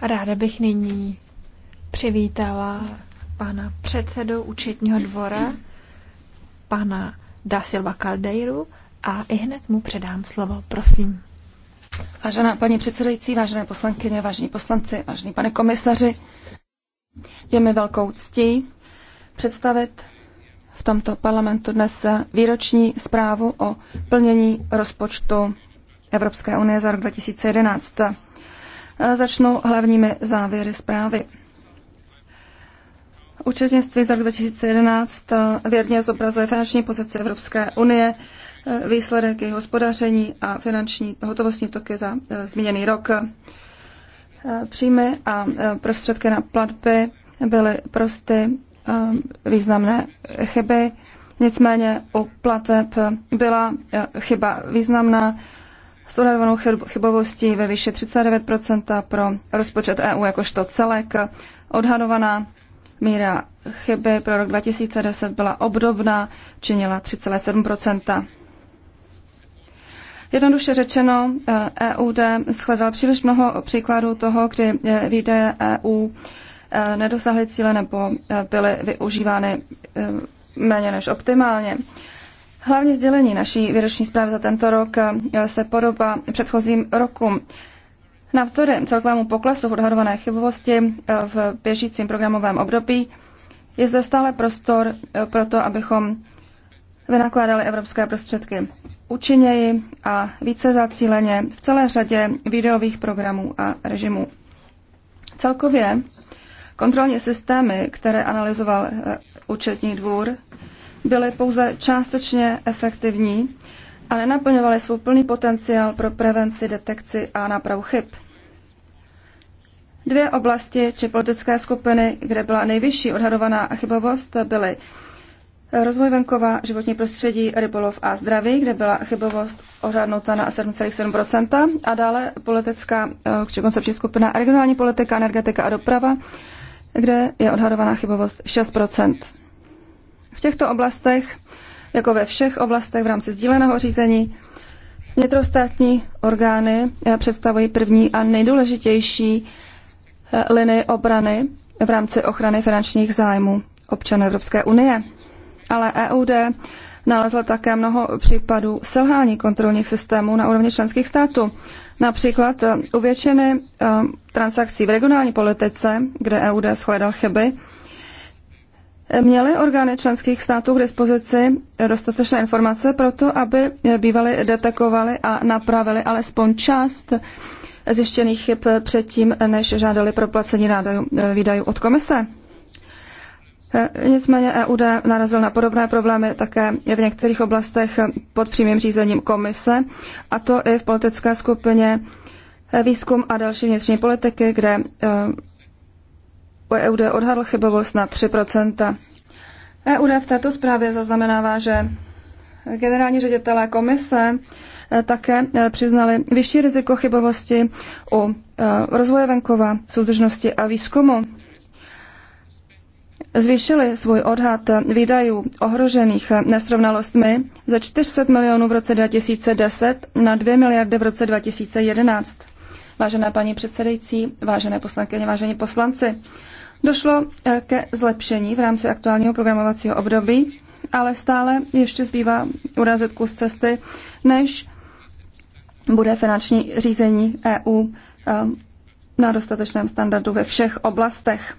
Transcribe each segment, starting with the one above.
Ráda bych nyní přivítala pana předsedu účetního dvora, pana Da Silva Caldeiru a i hned mu předám slovo. Prosím. Vážená paní předsedající, vážené poslankyně, vážení poslanci, vážení pane komisaři, je mi velkou ctí představit v tomto parlamentu dnes výroční zprávu o plnění rozpočtu Evropské unie za rok 2011. Začnu hlavními závěry zprávy. Účetnictví za rok 2011 věrně zobrazuje finanční pozici Evropské unie, výsledek jejich hospodaření a finanční hotovostní toky za eh, zmíněný rok. Příjmy a eh, prostředky na platby byly prosty, eh, významné chyby. Nicméně u plateb byla chyba významná s odhadovanou chybovostí ve výši 39 pro rozpočet EU jakožto celek. Odhadovaná míra chyby pro rok 2010 byla obdobná, činila 3,7 Jednoduše řečeno, EUD eh, e shledal příliš mnoho příkladů toho, kdy eh, výdaje EU eh, nedosáhly cíle nebo byly využívány méně než optimálně. Hlavně sdělení naší výroční zprávy za tento rok eh, se podobá předchozím rokům. Navzdory celkovému poklesu v odhadované chybovosti eh, v běžícím programovém období je zde stále prostor eh, pro to, abychom vynakládali evropské prostředky účinněji a více zacíleně v celé řadě videových programů a režimů. Celkově kontrolní systémy, které analyzoval účetní dvůr, byly pouze částečně efektivní a nenaplňovaly svůj plný potenciál pro prevenci, detekci a nápravu chyb. Dvě oblasti či politické skupiny, kde byla nejvyšší odhadovaná chybovost, byly rozvoj venkova, životní prostředí, rybolov a zdraví, kde byla chybovost odhadnuta na 7,7 a dále politická eh, či koncepční skupina regionální politika, energetika a doprava, kde je odhadovaná chybovost 6 v těchto oblastech, jako ve všech oblastech v rámci sdíleného řízení, vnitrostátní orgány eh, představují první a nejdůležitější eh, linii obrany v rámci ochrany finančních zájmů občanů Evropské unie. Ale EUD nalezla také mnoho případů selhání kontrolních systémů na úrovni členských států. Například eh, u většiny transakcí v regionální politice, kde EUD shledal chyby, Měly orgány členských států k dispozici dostatečné informace pro to, aby bývali detekovali a napravili alespoň část zjištěných chyb předtím, než žádali proplacení nádajů, eh, výdajů od komise? Eh, nicméně EUD narazil na podobné problémy také v některých oblastech pod přímým řízením komise, a to i v politické skupině eh, výzkum a další vnitřní politiky, kde EUD odhadl chybovost na 3 EUD v této zprávě zaznamenává, že generální ředitelé komise e, také e, přiznali vyšší riziko chybovosti u e, rozvoje venkova, soudržnosti a výzkumu. Zvýšili svůj odhad výdajů ohrožených nesrovnalostmi ze 400 milionů v roce 2010 na 2 miliardy v roce 2011. Vážená paní předsedající, vážené poslankyně, vážení poslanci, Došlo eh, ke zlepšení v rámci aktuálního programovacího období, ale stále ještě zbývá urazit kus cesty, než bude finanční řízení EU eh, na dostatečném standardu ve všech oblastech.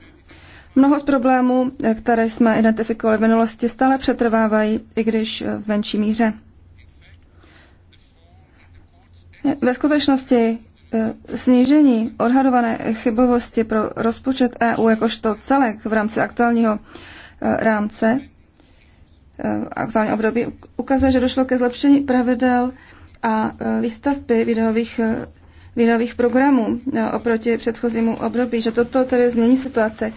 Mnoho z problémů, eh, které jsme identifikovali v minulosti, stále přetrvávají, i když v menší míře. Ve skutečnosti Eh, snížení odhadované chybovosti pro rozpočet EU jakožto celek v rámci aktuálního eh, rámce, eh, aktuální období, ukazuje, že došlo ke zlepšení pravidel a výstavby videových videových programů oproti předchozímu období, že toto tedy změní situaci.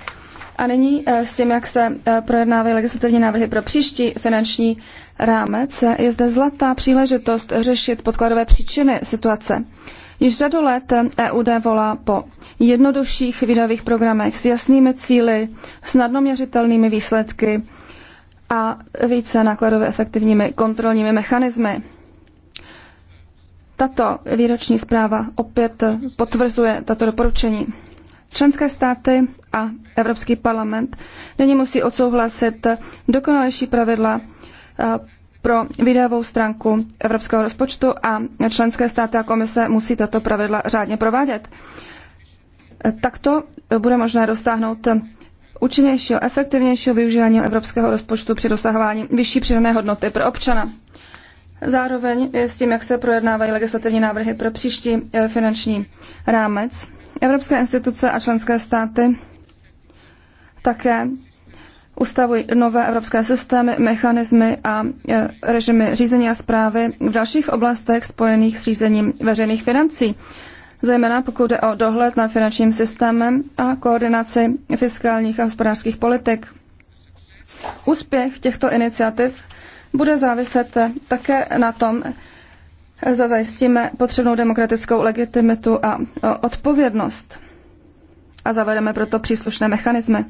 A nyní s tím, jak se projednávají legislativní návrhy pro příští finanční rámec, je zde zlatá příležitost řešit podkladové příčiny situace. Již řadu let EUD volá po jednodušších výdajových programech s jasnými cíly, snadno měřitelnými výsledky a více nákladově efektivními kontrolními mechanismy. Tato výroční zpráva opět potvrzuje tato doporučení. Členské státy a Evropský parlament nyní musí odsouhlasit dokonalejší pravidla eh, pro výdajovou stránku evropského rozpočtu a členské státy a komise musí tato pravidla řádně provádět. Takto bude možné dosáhnout účinnějšího, efektivnějšího využívání evropského rozpočtu při dosahování vyšší přidané hodnoty pro občana. Zároveň s tím, jak se projednávají legislativní návrhy pro příští eh, finanční rámec, evropské instituce a členské státy také ustavují nové evropské systémy, mechanismy a e, režimy řízení a zprávy v dalších oblastech spojených s řízením veřejných financí, zejména pokud jde o dohled nad finančním systémem a koordinaci fiskálních a hospodářských politik. Úspěch těchto iniciativ bude záviset také na tom, zda zajistíme potřebnou demokratickou legitimitu a odpovědnost a zavedeme proto příslušné mechanismy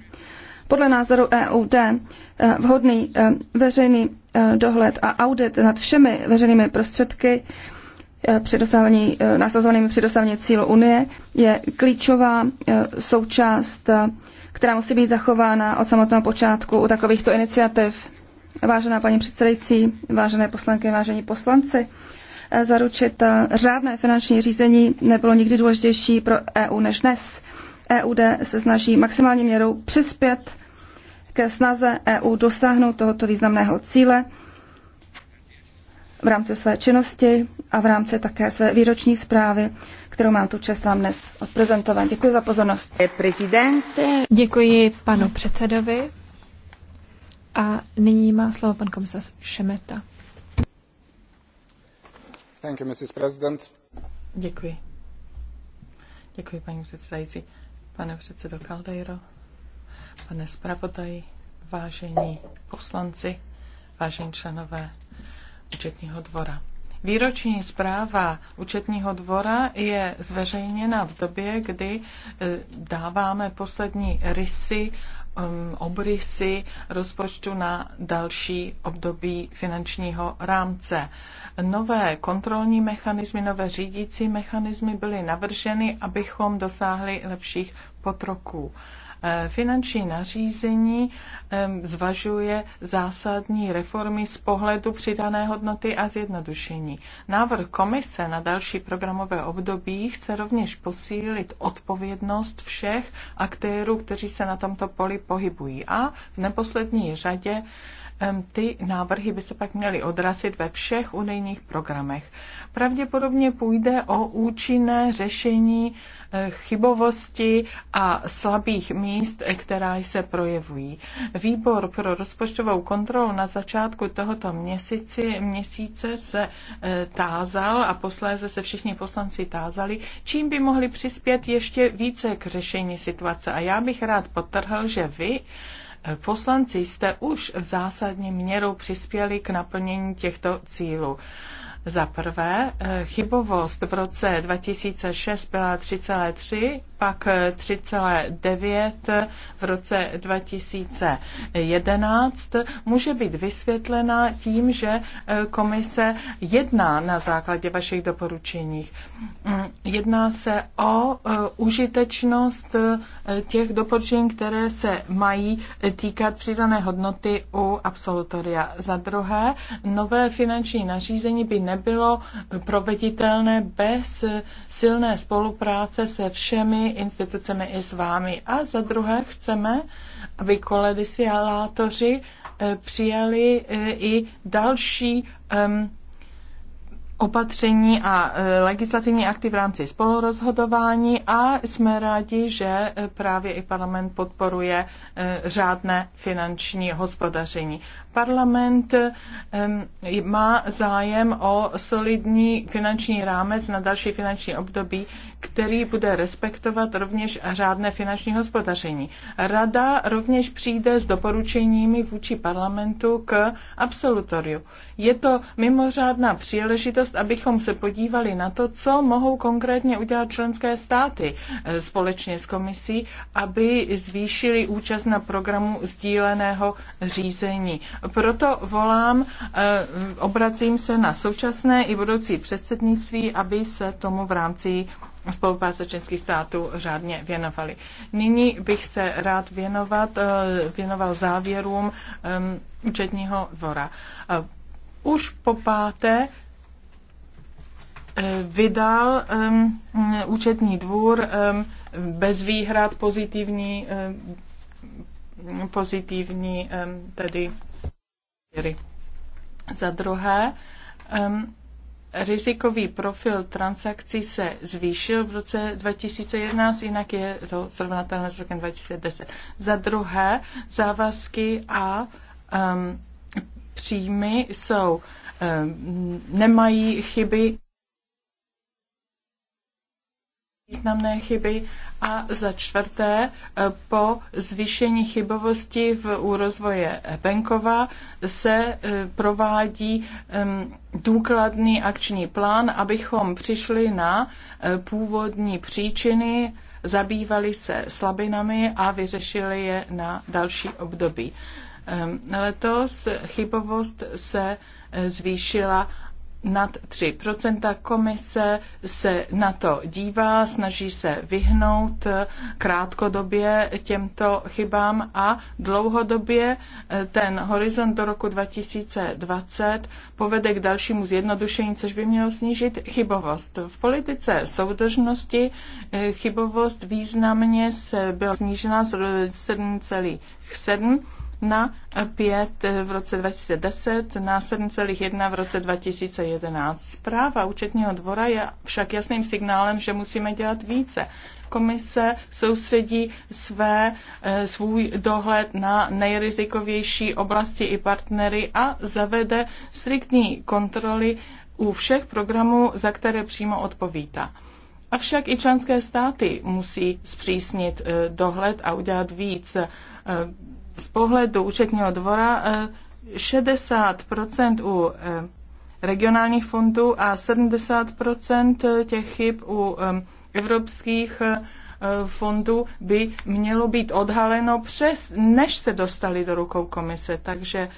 podle názoru EUD eh, vhodný eh, veřejný eh, dohled a audit nad všemi veřejnými prostředky při dosávání, nasazovanými při dosávání cílu Unie je klíčová součást, která musí být zachována od samotného počátku u takovýchto iniciativ. Vážená paní předsedající, vážené poslanky, vážení poslanci, zaručit řádné finanční řízení nebylo nikdy důležitější pro EU než dnes. EUD se snaží maximální měrou přispět ke snaze EU dosáhnout tohoto významného cíle v rámci své činnosti a v rámci také své výroční zprávy, kterou mám tu čest vám dnes odprezentovat. Děkuji za pozornost. Prezidente. Děkuji panu předsedovi. A nyní má slovo pan komisař Šemeta. Thank you, Mrs. President. Děkuji. Děkuji, paní předsedající pane předsedo Caldeiro, pane zpravodaj, vážení poslanci, vážení členové účetního dvora. Výroční zpráva účetního dvora je zveřejněna v době, kdy eh, dáváme poslední rysy um, obrysy rozpočtu na další období finančního rámce. Nové kontrolní mechanismy, nové řídící mechanismy byly navrženy, abychom dosáhli lepších potroků. Eh, finanční nařízení zvažuje zásadní reformy z pohledu přidané hodnoty a zjednodušení. Návrh komise na další programové období chce rovněž posílit odpovědnost všech aktérů, kteří se na tomto poli pohybují. A v neposlední řadě ty návrhy by se pak měly odrazit ve všech unijních programech. Pravděpodobně půjde o účinné řešení eh, chybovosti a slabých míst, která se projevují. Výbor pro rozpočtovou kontrolu na začátku tohoto měsíci, měsíce se eh, tázal a posléze se všichni poslanci tázali, čím by mohli přispět ještě více k řešení situace. A já bych rád potrhl, že vy poslanci jste už v zásadní měru přispěli k naplnění těchto cílů. Za prvé, eh, chybovost v roce 2006 byla 3,3 pak 3,9 eh, v roce 2011 může být vysvětlena tím, že eh, komise jedná na základě vašich doporučení. Mm, jedná se o eh, užitečnost těch doporučení, které se mají týkat přidané hodnoty u absolutoria. Za druhé, nové finanční nařízení by nebylo proveditelné bez silné spolupráce se všemi institucemi i s vámi. A za druhé chceme, aby koledisiálátoři eh, přijali eh, i další opatření a eh, legislativní akty v rámci spolurozhodování a jsme rádi, že právě i parlament podporuje řádné finanční hospodaření. Parlament má zájem o solidní finanční rámec na další finanční období který bude respektovat rovněž řádné finanční hospodaření. Rada rovněž přijde s doporučeními vůči parlamentu k absolutoriu. Je to mimořádná příležitost, abychom se podívali na to, co mohou konkrétně udělat členské státy eh, společně s komisí, aby zvýšili účast na programu sdíleného řízení. Proto volám, eh, obracím se na současné i budoucí předsednictví, aby se tomu v rámci spolupráce členských států řádně věnovali. Nyní bych se rád věnovat, eh, věnoval závěrům eh, účetního dvora. Eh, už po páté vydal účetní dvůr bez výhrad pozitivní, pozitivní tedy za druhé, rizikový profil transakcí se zvýšil v roce 2011, jinak je to srovnatelné s rokem 2010. Za druhé, závazky a um, příjmy jsou, um, nemají chyby významné chyby a za čtvrté e, po zvýšení chybovosti v, u rozvoje se e, provádí důkladný akční plán, abychom přišli na e, původní příčiny, zabývali se slabinami a vyřešili je na další období. Letos chybovost se zvýšila nad 3 Komise se na to dívá, snaží se vyhnout krátkodobě těmto chybám a dlouhodobě eh, ten horizont do roku 2020 povede k dalšímu zjednodušení, což by mělo snížit chybovost. V politice soudržnosti eh, chybovost významně se byla snížena z 7,7 na 5 v roce 2010 na 7,1 v roce 2011. Zpráva účetního dvora je však jasným signálem, že musíme dělat více. Komise soustředí své, eh, svůj dohled na nejrizikovější oblasti i partnery a zavede striktní kontroly u všech programů, za které přímo odpovídá. Avšak i členské státy musí zpřísnit eh, dohled a udělat víc eh, z pohledu účetního dvora 60% eh, u eh, regionálních fondů a 70% těch chyb u eh, evropských fondů by mělo být odhaleno přes, než se dostali do rukou komise. Takže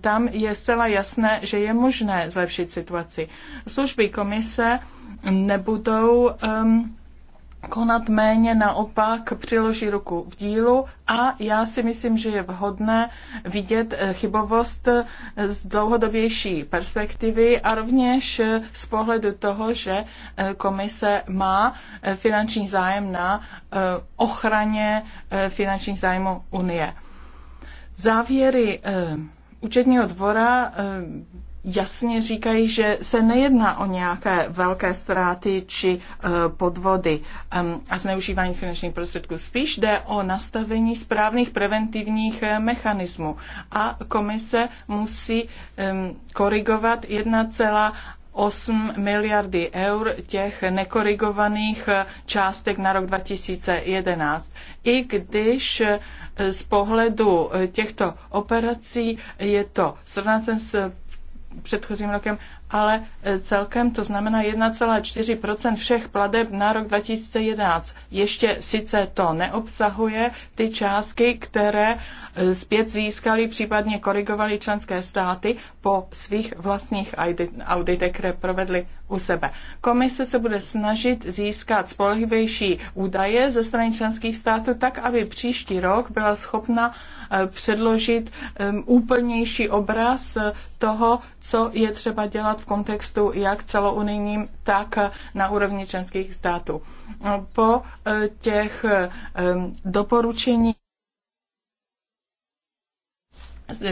tam je zcela jasné, že je možné zlepšit situaci. Služby komise nebudou um, konat méně, naopak přiloží ruku v dílu a já si myslím, že je vhodné vidět eh, chybovost eh, z dlouhodobější perspektivy a rovněž eh, z pohledu toho, že komise má finanční zájem na ochraně finančních zájmů Unie. Závěry účetního dvora jasně říkají, že se nejedná o nějaké velké ztráty či e, podvody a zneužívání finančních prostředků. Spíš jde o nastavení správných preventivních e, mechanismů a komise musí korigovat 1,8 miliardy eur těch nekorigovaných e, částek na rok 2011. I když z pohledu těchto operací je to srovnatelné s předchozím rokem, ale e, celkem to znamená 1,4 všech pladeb na rok 2011. Ještě sice to neobsahuje ty částky, které e, zpět získali, případně korigovali členské státy po svých vlastních auditech, které provedly u sebe. Komise se bude snažit získat spolehlivější údaje ze strany členských států tak, aby příští rok byla schopna eh, předložit úplnější obraz eh, toho, co je třeba dělat v kontextu jak celounijním, tak eh, na úrovni členských států. No, po těch doporučení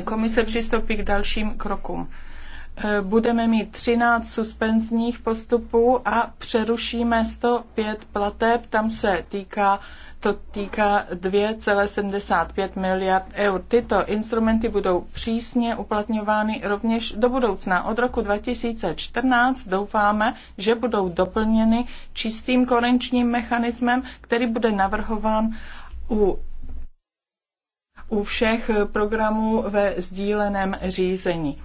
komise přistoupí k dalším krokům. Eh, budeme mít 13 suspenzních postupů a přerušíme 105 plateb. Tam se týká to týká 2,75 miliard eur. Tyto instrumenty budou přísně uplatňovány rovněž do budoucna. Od roku 2014 doufáme, že budou doplněny čistým korenčním mechanismem, který bude navrhován u u všech programů ve sdíleném řízení.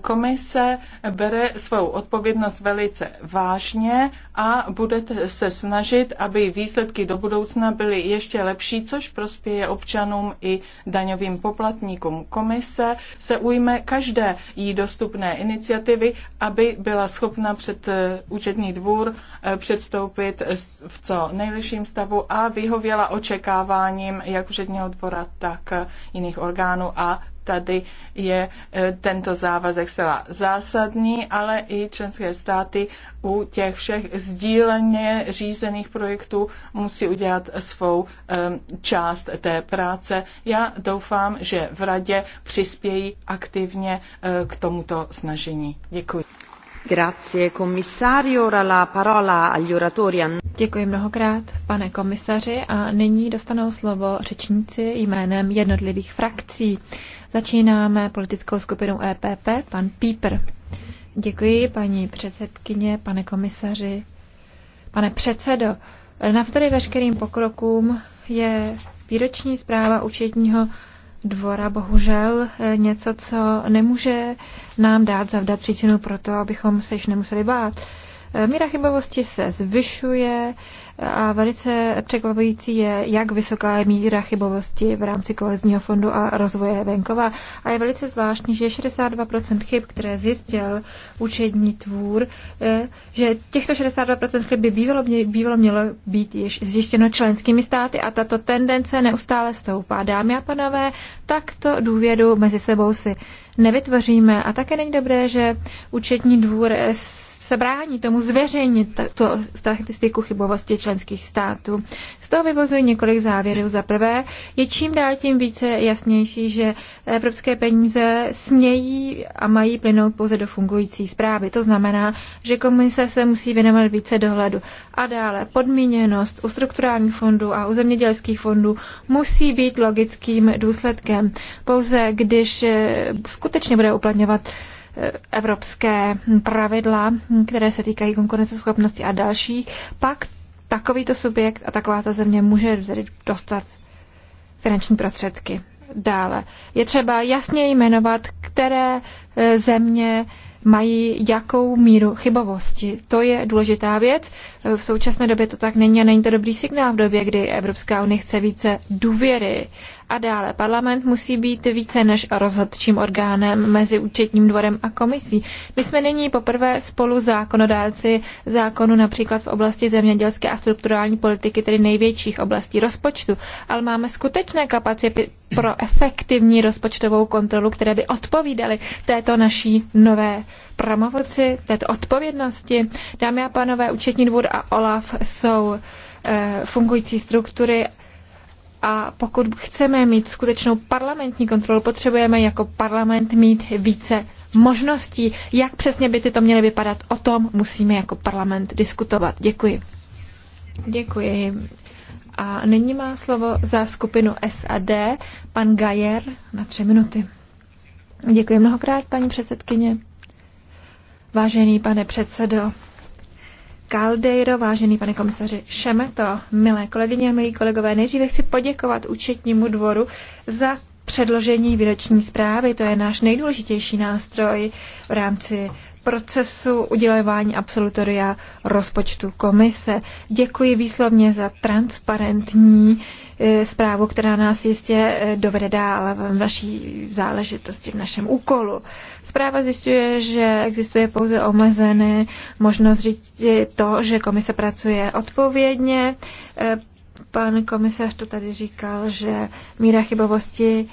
Komise bere svou odpovědnost velice vážně a bude se snažit, aby výsledky do budoucna byly ještě lepší, což prospěje občanům i daňovým poplatníkům. Komise se ujme každé jí dostupné iniciativy, aby byla schopna před eh, účetní dvůr eh, předstoupit v co nejlepším stavu a vyhověla očekáváním jak účetního dvora, tak eh, jiných orgánů a Tady je e, tento závazek zcela zásadní, ale i členské státy u těch všech sdíleně řízených projektů musí udělat svou část té práce. Já doufám, že v radě přispějí aktivně e, k tomuto snažení. Děkuji. Grazie, ora La parola agli oratori. Děkuji mnohokrát, pane komisaři, a nyní dostanou slovo řečníci jménem jednotlivých frakcí. Začínáme politickou skupinou EPP, pan Píper. Děkuji, paní předsedkyně, pane komisaři, pane předsedo. Navzdory veškerým pokrokům je výroční zpráva účetního dvora bohužel eh, něco, co nemůže nám dát zavdat příčinu pro to, abychom se již nemuseli bát. Eh, míra chybovosti se zvyšuje, a velice překvapující je, jak vysoká je míra chybovosti v rámci kohezního fondu a rozvoje venkova. A je velice zvláštní, že 62% chyb, které zjistil účetní tvůr, eh, že těchto 62% chyb by bývalo, bývalo mělo být již zjištěno členskými státy a tato tendence neustále stoupá. Dámy a panové, takto důvěru mezi sebou si nevytvoříme. A také není dobré, že účetní dvůr se brání tomu zveřejnit tu statistiku chybovosti členských států. Z toho vyvozuji několik závěrů. Za prvé, je čím dál tím více jasnější, že evropské peníze smějí a mají plynout pouze do fungující zprávy. To znamená, že komise se musí věnovat více dohledu. A dále podmíněnost u strukturálních fondů a u zemědělských fondů musí být logickým důsledkem. Pouze když eh, skutečně bude uplatňovat evropské pravidla, které se týkají konkurenceschopnosti a další, pak takovýto subjekt a taková ta země může tedy dostat finanční prostředky. Dále je třeba jasně jmenovat, které e, země mají jakou míru chybovosti. To je důležitá věc. E, v současné době to tak není a není to dobrý signál v době, kdy Evropská unie chce více důvěry a dále parlament musí být více než rozhodčím orgánem mezi účetním dvorem a komisí. My jsme nyní poprvé spolu zákonodárci zákonu například v oblasti zemědělské a strukturální politiky, tedy největších oblastí rozpočtu, ale máme skutečné kapacity pro efektivní rozpočtovou kontrolu, které by odpovídaly této naší nové pravomoci, této odpovědnosti. Dámy a pánové, účetní dvůr a OLAF jsou e, fungující struktury a pokud chceme mít skutečnou parlamentní kontrolu, potřebujeme jako parlament mít více možností. Jak přesně by tyto měly vypadat, o tom musíme jako parlament diskutovat. Děkuji. Děkuji. A nyní má slovo za skupinu SAD pan Gajer na tři minuty. Děkuji mnohokrát, paní předsedkyně. Vážený pane předsedo, Caldeiro, vážený pane komisaři Šemeto, milé kolegyně a milí kolegové, nejdříve chci poděkovat účetnímu dvoru za předložení výroční zprávy. To je náš nejdůležitější nástroj v rámci procesu udělování absolutoria rozpočtu komise. Děkuji výslovně za transparentní uh, Eh, zprávu, která nás jistě eh, dovede dál v naší záležitosti, v našem úkolu. Zpráva zjišťuje, že existuje pouze omezené možnost říct to, že komise pracuje odpovědně. Eh, pan komisař to tady říkal, že míra chybovosti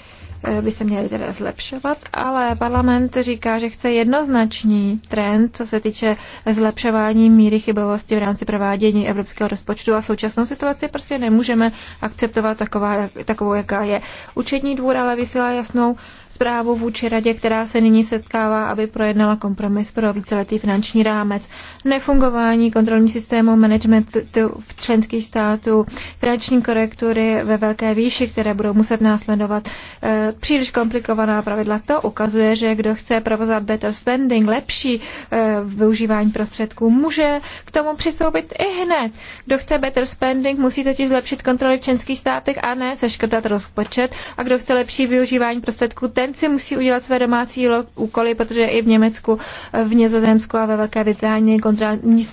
Eh, by se měly teda zlepšovat, ale parlament říká, že chce jednoznačný trend, co se týče zlepšování míry chybovosti v rámci provádění evropského rozpočtu a současnou situaci prostě nemůžeme akceptovat taková, takovou, jaká je. Učední dvůr ale vysílá jasnou zprávu vůči radě, která se nyní setkává, aby projednala kompromis pro víceletý finanční rámec. Nefungování kontrolní systému managementu v členských států, finanční korektury ve velké výši, které budou muset následovat, eh, příliš komplikovaná pravidla. To ukazuje, že kdo chce provozovat better spending, lepší eh, využívání prostředků, může k tomu přistoupit i hned. Kdo chce better spending, musí totiž zlepšit kontroly v členských státech a ne seškrtat rozpočet. A kdo chce lepší využívání prostředků, ten ten si musí udělat své domácí úkoly, protože i v Německu, v Nězozemsku a ve Velké Británii kontrolní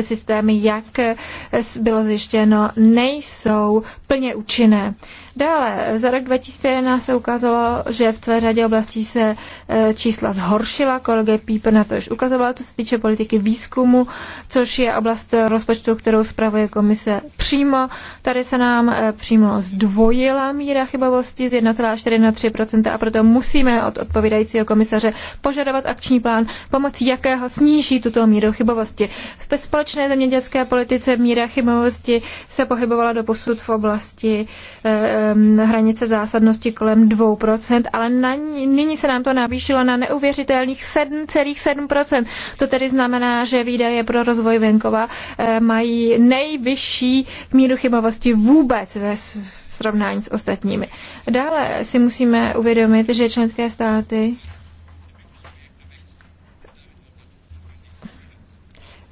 systémy, jak bylo zjištěno, nejsou plně účinné. Dále, za rok 2011 se ukázalo, že v celé řadě oblastí se e, čísla zhoršila. Kolege Píper na to už ukazoval, co se týče politiky výzkumu, což je oblast rozpočtu, kterou zpravuje komise přímo. Tady se nám e, přímo zdvojila míra chybovosti z 1,4 na 3 a proto musíme od odpovídajícího komisaře požadovat akční plán, pomocí jakého sníží tuto míru chybovosti. V společné zemědělské politice míra chybovosti se pohybovala do posud v oblasti e, Ehm, hranice zásadnosti kolem 2%, ale na, nyní se nám to navýšilo na neuvěřitelných 7,7%. To tedy znamená, že výdaje pro rozvoj venkova ehm, mají nejvyšší míru chybovosti vůbec ve srovnání s ostatními. Dále si musíme uvědomit, že členské státy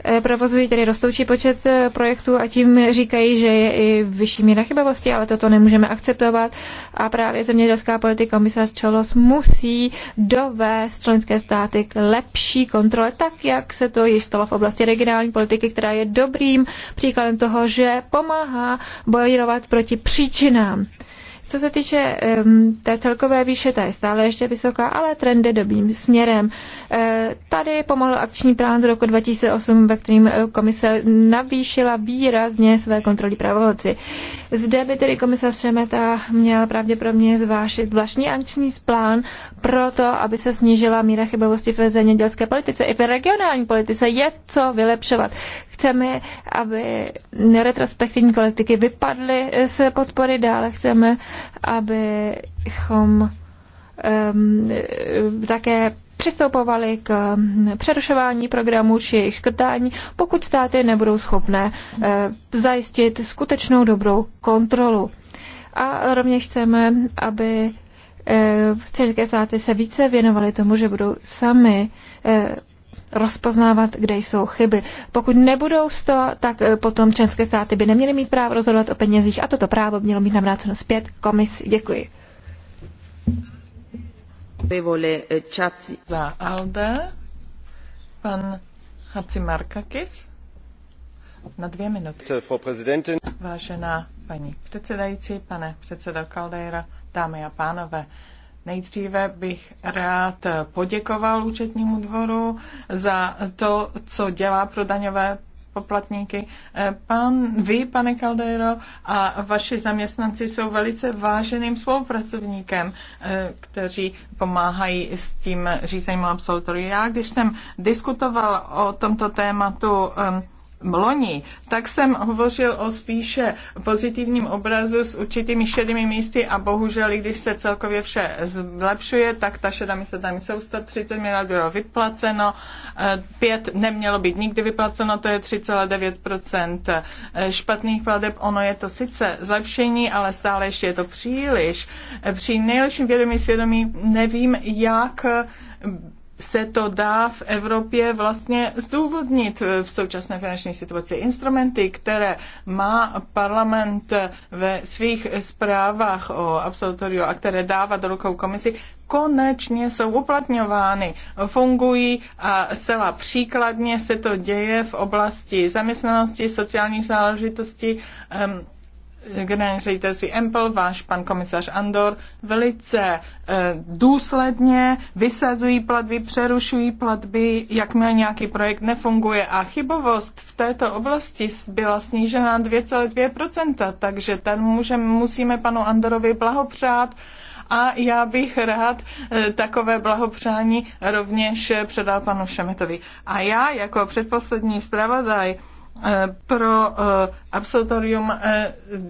Eh, provozují tedy rostoucí počet eh, projektů a tím říkají, že je i vyšší míra chybovosti, ale toto nemůžeme akceptovat a právě zemědělská politika komisař Čolos musí dovést členské státy k lepší kontrole, tak jak se to již stalo v oblasti regionální politiky, která je dobrým příkladem toho, že pomáhá bojovat proti příčinám co se týče um, té celkové výše, ta je stále ještě vysoká, ale trend je dobrým směrem. Uh, tady pomohl akční plán z roku 2008, ve kterým komise navýšila výrazně své kontroly pravomoci. Zde by tedy komisař Šemeta měl pravděpodobně zvážit vlastní akční plán pro to, aby se snížila míra chybovosti ve zemědělské politice. I ve regionální politice je co vylepšovat. Chceme, aby retrospektivní kolektiky vypadly z podpory, dále chceme, abychom um, také přistoupovali k přerušování programů či jejich škrtání, pokud státy nebudou schopné e, zajistit skutečnou dobrou kontrolu. A rovněž chceme, aby e, středské státy se více věnovaly tomu, že budou sami e, rozpoznávat, kde jsou chyby. Pokud nebudou z toho, tak eh, potom členské státy by neměly mít právo rozhodovat o penězích a toto právo mělo být navráceno zpět komisi. Děkuji. Eh, Za Alde, pan Hacimarkakis na dvě minuty. Vážená paní předsedající, pane předsedo Caldeira, dámy a pánové, Nejdříve bych rád poděkoval účetnímu dvoru za to, co dělá pro daňové poplatníky. Pan, vy, pane Caldero, a vaši zaměstnanci jsou velice váženým spolupracovníkem, eh, kteří pomáhají s tím řízením absolutoria. Já, když jsem diskutoval o tomto tématu loni, tak jsem hovořil o spíše pozitivním obrazu s určitými šedými místy a bohužel, i když se celkově vše zlepšuje, tak ta šedá místa tam jsou 130 miliard bylo vyplaceno, 5 eh, nemělo být nikdy vyplaceno, to je 3,9% eh, špatných plateb. Ono je to sice zlepšení, ale stále ještě je to příliš. Eh, při nejlepším vědomí svědomí nevím, jak se to dá v Evropě vlastně zdůvodnit v současné finanční situaci. Instrumenty, které má parlament ve svých zprávách o absolutoriu a které dává do rukou komisi, konečně jsou uplatňovány, fungují a zcela příkladně se to děje v oblasti zaměstnanosti, sociálních záležitostí, generální ředitelství Empel, váš pan komisař Andor, velice e, důsledně vysazují platby, přerušují platby, jakmile nějaký projekt nefunguje. A chybovost v této oblasti byla snížena 2,2%, takže ten můžeme, musíme panu Andorovi blahopřát a já bych rád eh, takové blahopřání rovněž předal panu Šemetovi. A já jako předposlední zpravodaj pro eh, absolutorium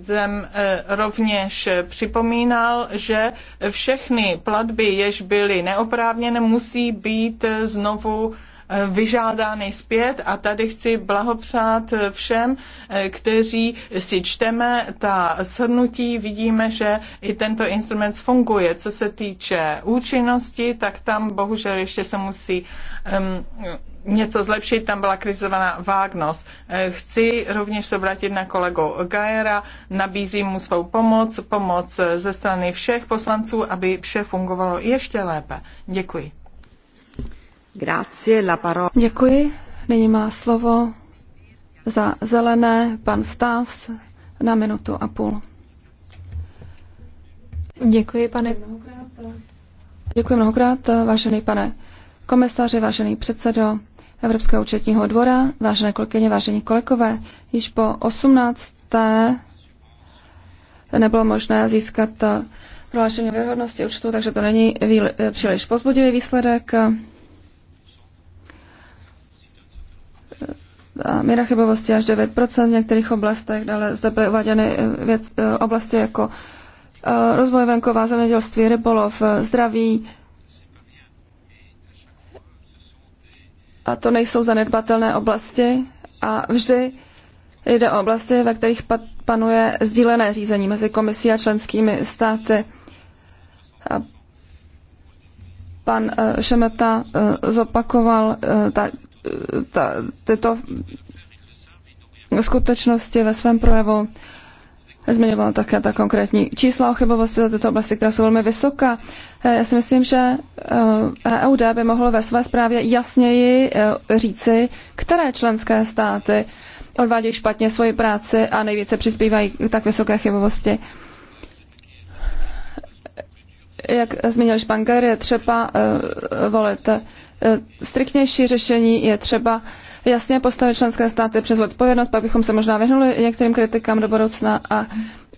jsem eh, eh, rovněž připomínal, že všechny platby, jež byly neoprávněné, musí být znovu vyžádány zpět a tady chci blahopřát všem, kteří si čteme ta shrnutí, vidíme, že i tento instrument funguje. Co se týče účinnosti, tak tam bohužel ještě se musí um, něco zlepšit, tam byla kritizovaná vágnost. Eh, chci rovněž se obrátit na kolegu Gajera, nabízím mu svou pomoc, pomoc eh, ze strany všech poslanců, aby vše fungovalo ještě lépe. Děkuji. Grazie, la parola. Děkuji. Nyní má slovo za zelené pan Stas na minutu a půl. Děkuji, pane. Děkuji mnohokrát, vážený pane komisaři, vážený předsedo, Evropského účetního dvora, vážené kolegyně, vážení kolegové, již po 18. nebylo možné získat eh, prohlášení věrhodnosti účtu, takže to není eh, příliš pozbudivý výsledek. Eh, a míra chybovosti až 9% v některých oblastech, dále zde byly uváděny věc, oblasti jako rozvoj venková, zemědělství, rybolov, zdraví, a to nejsou zanedbatelné oblasti a vždy jde o oblasti, ve kterých panuje sdílené řízení mezi komisí a členskými státy. A pan eh, Šemeta eh, zopakoval eh, ta, ta, tyto skutečnosti ve svém projevu zmiňovala také ta konkrétní čísla o chybovosti za tyto oblasti, která jsou velmi vysoká. Eh, já si myslím, že EUD eh, e by mohlo ve své zprávě jasněji eh, říci, které členské státy odvádějí špatně svoji práci a nejvíce přispívají k tak vysoké chybovosti. Jak zmínil Španger, je třeba volit striktnější řešení, je třeba jasně postavit členské státy přes odpovědnost, pak bychom se možná vyhnuli některým kritikám do budoucna a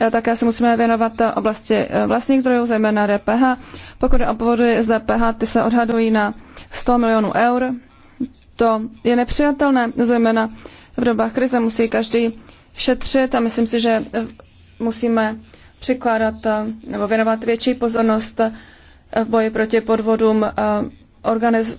e, také se musíme věnovat oblasti e, vlastních zdrojů, zejména DPH. Pokud je obvody z DPH, ty se odhadují na 100 milionů eur. To je nepřijatelné, zejména v dobách krize musí každý šetřit a myslím si, že e, musíme přikládat nebo věnovat větší pozornost v boji proti podvodům organiz-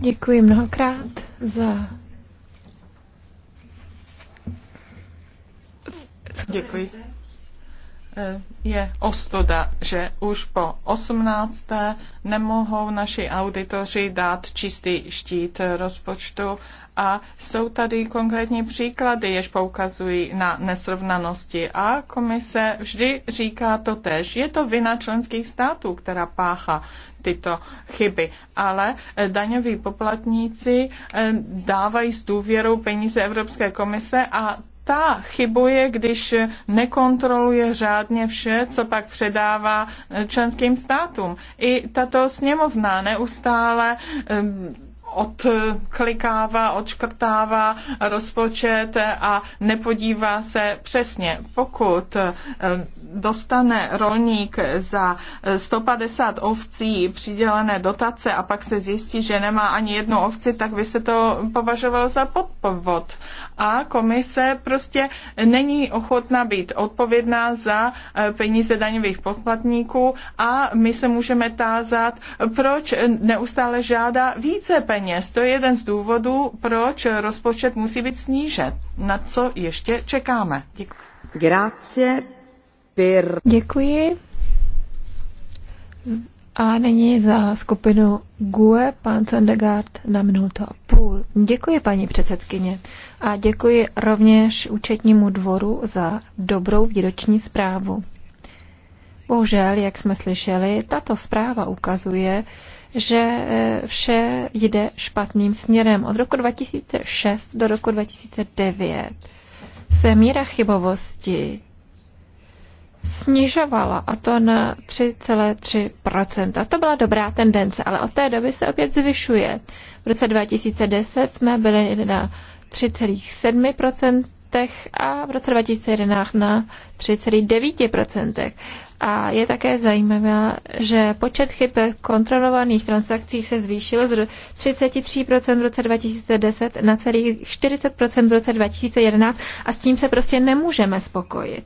Děkuji mnohokrát za... Děkuji. E, je ostuda, že už po 18. nemohou naši auditoři dát čistý štít rozpočtu a jsou tady konkrétní příklady, jež poukazují na nesrovnanosti a komise vždy říká to tež. Je to vina členských států, která páchá tyto chyby. Ale eh, daňoví poplatníci eh, dávají s důvěrou peníze Evropské komise a ta chybuje, když eh, nekontroluje řádně vše, co pak předává členským státům. I tato sněmovna neustále odklikává, odškrtává rozpočet a nepodívá se přesně. Pokud eh, dostane rolník za 150 ovcí přidělené dotace a pak se zjistí, že nemá ani jednu ovci, tak by se to považovalo za podpovod a komise prostě není ochotná být odpovědná za eh, peníze daňových poplatníků a my se můžeme tázat, proč neustále žádá více peněz. To je jeden z důvodů, proč rozpočet musí být snížen. Na co ještě čekáme? Děkuji. Grazie per... Děkuji. A nyní za skupinu GUE pan Sandegard na minutu a půl. Děkuji, paní předsedkyně a děkuji rovněž účetnímu dvoru za dobrou výroční zprávu. Bohužel, jak jsme slyšeli, tato zpráva ukazuje, že e, vše jde špatným směrem. Od roku 2006 do roku 2009 se míra chybovosti snižovala a to na 3,3%. A to byla dobrá tendence, ale od té doby se opět zvyšuje. V roce 2010 jsme byli na 3,7% a v roce 2011 na 3,9%. A je také zajímavé, že počet chyb kontrolovaných transakcí se zvýšil z 33% v roce 2010 na celých 40% v roce 2011 a s tím se prostě nemůžeme spokojit.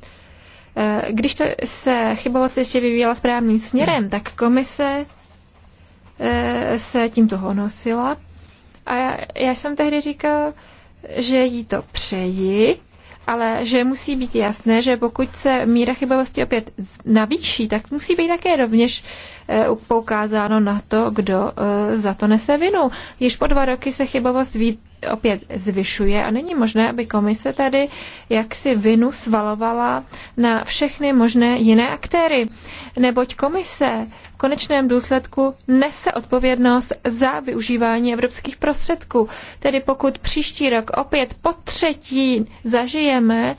Eh, když to se chybovost ještě vyvíjela správným směrem, tak komise eh, se tímto honosila. A já, já jsem tehdy říkal, že jí to přeji, ale že musí být jasné, že pokud se míra chybovosti opět navýší, tak musí být také rovněž Eh, poukázáno na to, kdo eh, za to nese vinu. Již po dva roky se chybovost ví, opět zvyšuje a není možné, aby komise tady jaksi vinu svalovala na všechny možné jiné aktéry. Neboť komise v konečném důsledku nese odpovědnost za využívání evropských prostředků. Tedy pokud příští rok opět po třetí zažijeme,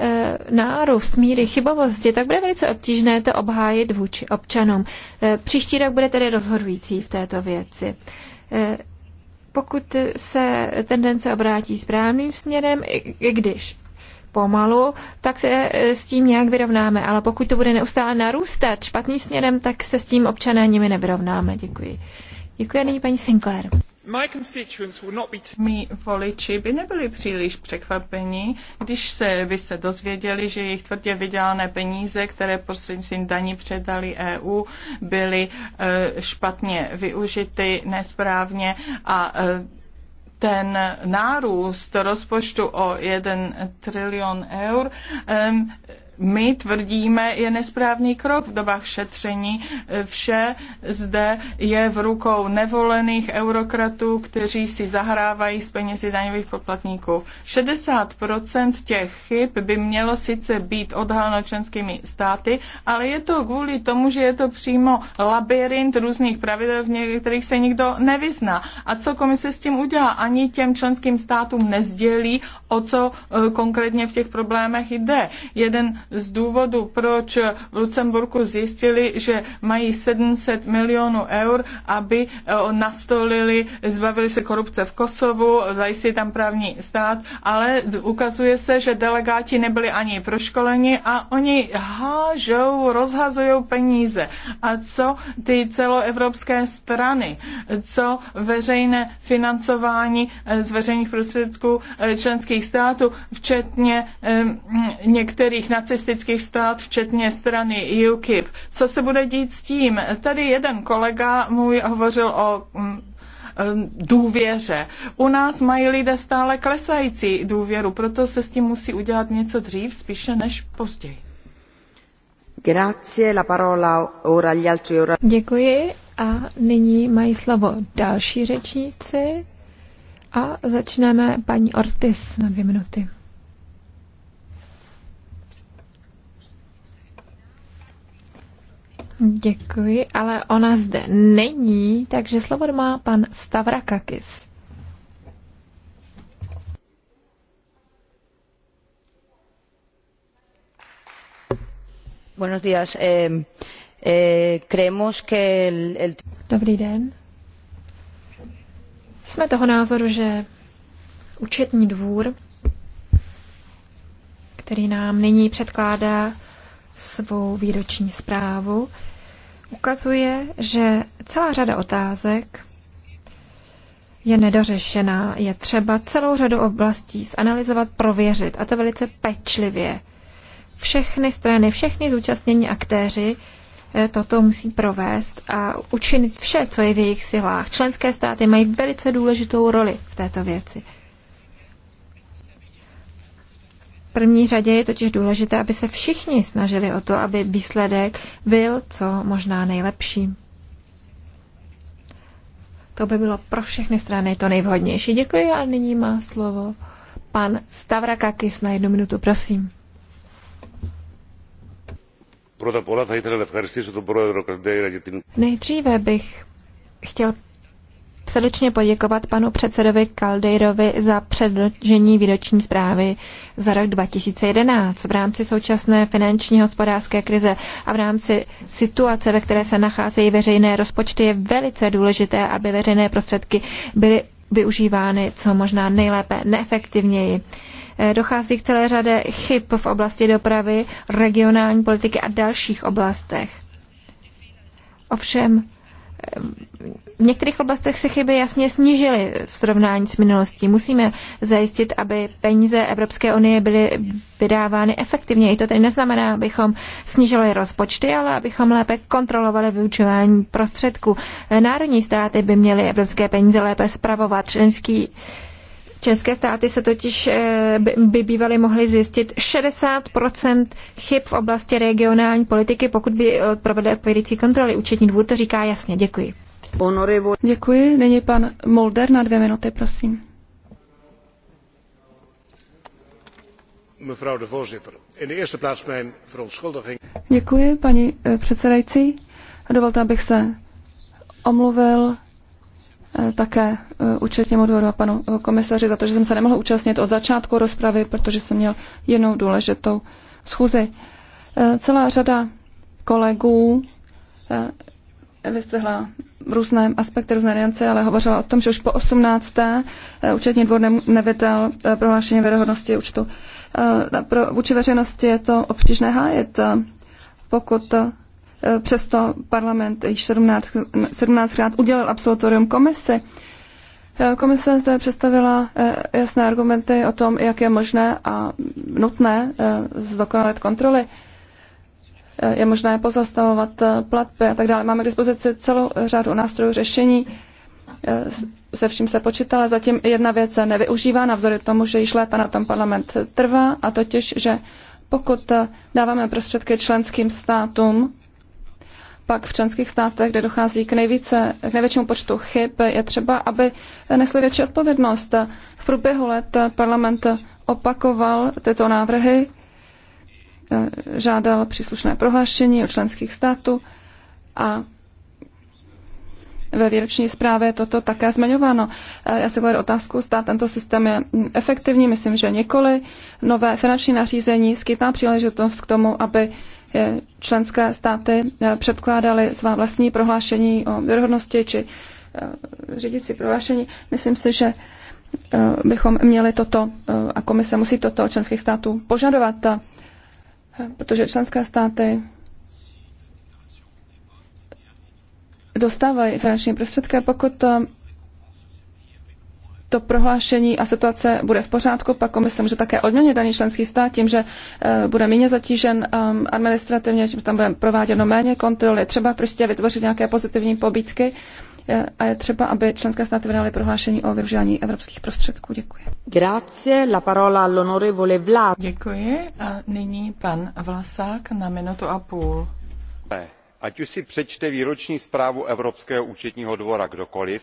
Eh, nárůst míry chybovosti, tak bude velice obtížné to obhájit vůči občanům. Eh, příští rok bude tedy rozhodující v této věci eh, pokud se tendence obrátí správným směrem, i, když pomalu, tak se s tím nějak vyrovnáme. Ale pokud to bude neustále narůstat špatným směrem, tak se s tím občané nimi nevyrovnáme. Děkuji. Děkuji nyní paní Sinclair. Mí voliči by nebyli příliš překvapeni, když se by se dozvěděli, že jejich tvrdě vydělané peníze, které prostřednictvím daní předali EU, byly e, špatně využity, nesprávně a e, ten nárůst rozpočtu o 1 trilion eur my tvrdíme, je nesprávný krok v dobách šetření. Vše zde je v rukou nevolených eurokratů, kteří si zahrávají s penězi daňových poplatníků. 60% těch chyb by mělo sice být odhaleno členskými státy, ale je to kvůli tomu, že je to přímo labirint různých pravidel, v některých se nikdo nevyzná. A co komise s tím udělá? Ani těm členským státům nezdělí, o co eh, konkrétně v těch problémech jde. Jeden z důvodu, proč v Lucemburku zjistili, že mají 700 milionů eur, aby eh, nastolili, zbavili se korupce v Kosovu, zajistili tam právní stát, ale ukazuje se, že delegáti nebyli ani proškoleni a oni hážou, rozhazují peníze. A co ty celoevropské strany, co veřejné financování eh, z veřejných prostředků eh, členských států, včetně některých nacistických socialistických stát, včetně strany UKIP. Co se bude dít s tím? Tady jeden kolega můj hovořil o mm, mm, důvěře. U nás mají lidé stále klesající důvěru, proto se s tím musí udělat něco dřív, spíše než později. Děkuji a nyní mají slovo další řečníci a začneme paní Ortiz na dvě minuty. Děkuji, ale ona zde není, takže slovo má pan Stavrakakis. Buenos días. Eh, eh, creemos que el, el... Dobrý den. Jsme toho názoru, že účetní dvůr, který nám nyní předkládá svou výroční zprávu, ukazuje, že celá řada otázek je nedořešená. Je třeba celou řadu oblastí zanalizovat, prověřit, a to velice pečlivě. Všechny strany, všechny zúčastnění aktéři eh, toto musí provést a učinit vše, co je v jejich silách. Členské státy mají velice důležitou roli v této věci. první řadě je totiž důležité, aby se všichni snažili o to, aby výsledek byl co možná nejlepší. To by bylo pro všechny strany to nejvhodnější. Děkuji a nyní má slovo pan Stavrakakis na jednu minutu, prosím. Nejdříve bych chtěl srdečně poděkovat panu předsedovi Kaldejrovi za předložení výroční zprávy za rok 2011 v rámci současné finanční hospodářské krize a v rámci situace, ve které se nacházejí veřejné rozpočty, je velice důležité, aby veřejné prostředky byly využívány co možná nejlépe, neefektivněji. Eh, dochází k celé řadě chyb v oblasti dopravy, regionální politiky a dalších oblastech. Ovšem, v některých oblastech se chyby jasně snížily v srovnání s minulostí. Musíme zajistit, aby peníze Evropské unie byly vydávány efektivně. I to tedy neznamená, abychom snížili rozpočty, ale abychom lépe kontrolovali vyučování prostředků. Národní státy by měly evropské peníze lépe spravovat. Členský České státy se totiž eh, by bývaly mohly zjistit 60 chyb v oblasti regionální politiky, pokud by eh, provedly odpovědící kontroly. Účetní dvůr to říká jasně. Děkuji. Děkuji. Nyní pan Molder na dvě minuty, prosím. Mevrouw de voorzitter, in de eerste plaats mijn verontschuldiging. Děkuji, paní eh, předsedající. Dovolte, abych se omluvil Eh, také účetnímu eh, dvoru a panu eh, komisaři za to, že jsem se nemohl účastnit od začátku rozpravy, protože jsem měl jinou důležitou schůzi. Celá řada kolegů vystvihla různé aspekty, různé reance, ale hovořila o tom, že už po 18. účetní dvor nevydal prohlášení věrohodnosti účtu. Pro, vůči veřejnosti je to obtížné hájit, pokud Eh, přesto parlament již 17, 17krát udělal absolutorium komisi. Eh, komise zde představila eh, jasné argumenty o tom, jak je možné a nutné zdokonalit kontroly. Je možné pozastavovat platby a tak dále. Máme k dispozici celou řadu nástrojů řešení, se vším se počítala. Zatím jedna věc se nevyužívá, navzory tomu, že již léta na tom parlament trvá, a totiž, že pokud dáváme prostředky členským státům, pak v členských státech, kde dochází k, nejvíce, k největšímu počtu chyb, je třeba, aby nesli větší odpovědnost. V průběhu let parlament opakoval tyto návrhy, eh, žádal příslušné prohlášení od členských států a ve výroční zprávě je toto také zmiňováno. Eh, já si kladu otázku, zda tento systém je efektivní, myslím, že nikoli. Nové finanční nařízení skýtá příležitost k tomu, aby členské státy eh, předkládaly svá vlastní prohlášení o věrohodnosti či eh, řídící prohlášení. Myslím si, že eh, bychom měli toto a komise musí toto od členských států požadovat, protože členské státy dostávají finanční prostředky a pokud to prohlášení a situace bude v pořádku, pak komise může také odměnit daný členský stát tím, že eh, bude méně zatížen ehm, administrativně, tím tam bude prováděno méně kontroly. Třeba prostě vytvořit nějaké pozitivní pobídky eh, a je třeba, aby členské státy vydaly prohlášení o využívání evropských prostředků. Děkuji. Grazie, la parola all'onorevole Vlad. Děkuji a nyní pan Vlasák na minutu a půl. Ať už si přečte výroční zprávu Evropského účetního dvora kdokoliv,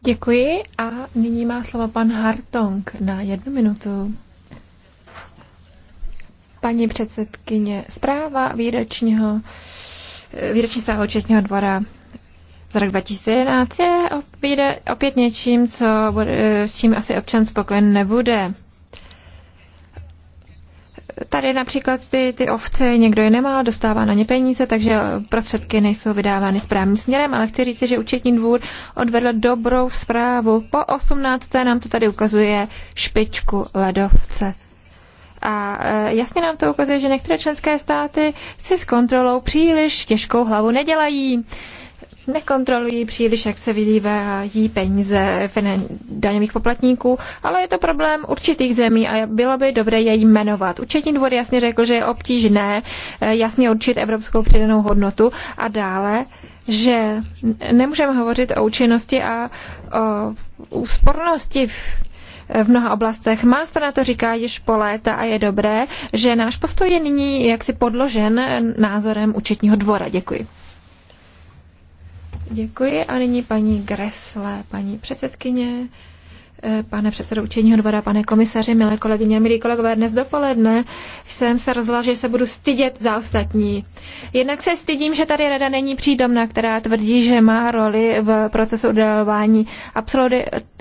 Děkuji a nyní má slovo pan Hartong na jednu minutu. Paní předsedkyně, zpráva výročního, výroční zpráva účetního dvora za rok 2011 je opět, opět něčím, co, s čím asi občan spokojen nebude tady například ty, ty ovce někdo je nemá, dostává na ně peníze, takže prostředky nejsou vydávány správným směrem, ale chci říct, že účetní dvůr odvedl dobrou zprávu. Po 18. nám to tady ukazuje špičku ledovce. A e, jasně nám to ukazuje, že některé členské státy si s kontrolou příliš těžkou hlavu nedělají nekontrolují příliš, jak se vylívají peníze daňových poplatníků, ale je to problém určitých zemí a bylo by dobré je jmenovat. Učetní dvor jasně řekl, že je obtížné eh, jasně určit evropskou přidanou hodnotu a dále že nemůžeme hovořit o účinnosti a o úspornosti v mnoha oblastech. Má strana to říká již po léta a je dobré, že náš postoj je nyní jaksi podložen názorem účetního dvora. Děkuji. Děkuji a nyní paní Gresle, paní předsedkyně, eh, pane předsedo učeního dvora, pane komisaři, milé kolegyně milí kolegové, dnes dopoledne jsem se rozhodla, že se budu stydět za ostatní. Jednak se stydím, že tady rada není přídomna, která tvrdí, že má roli v procesu udělování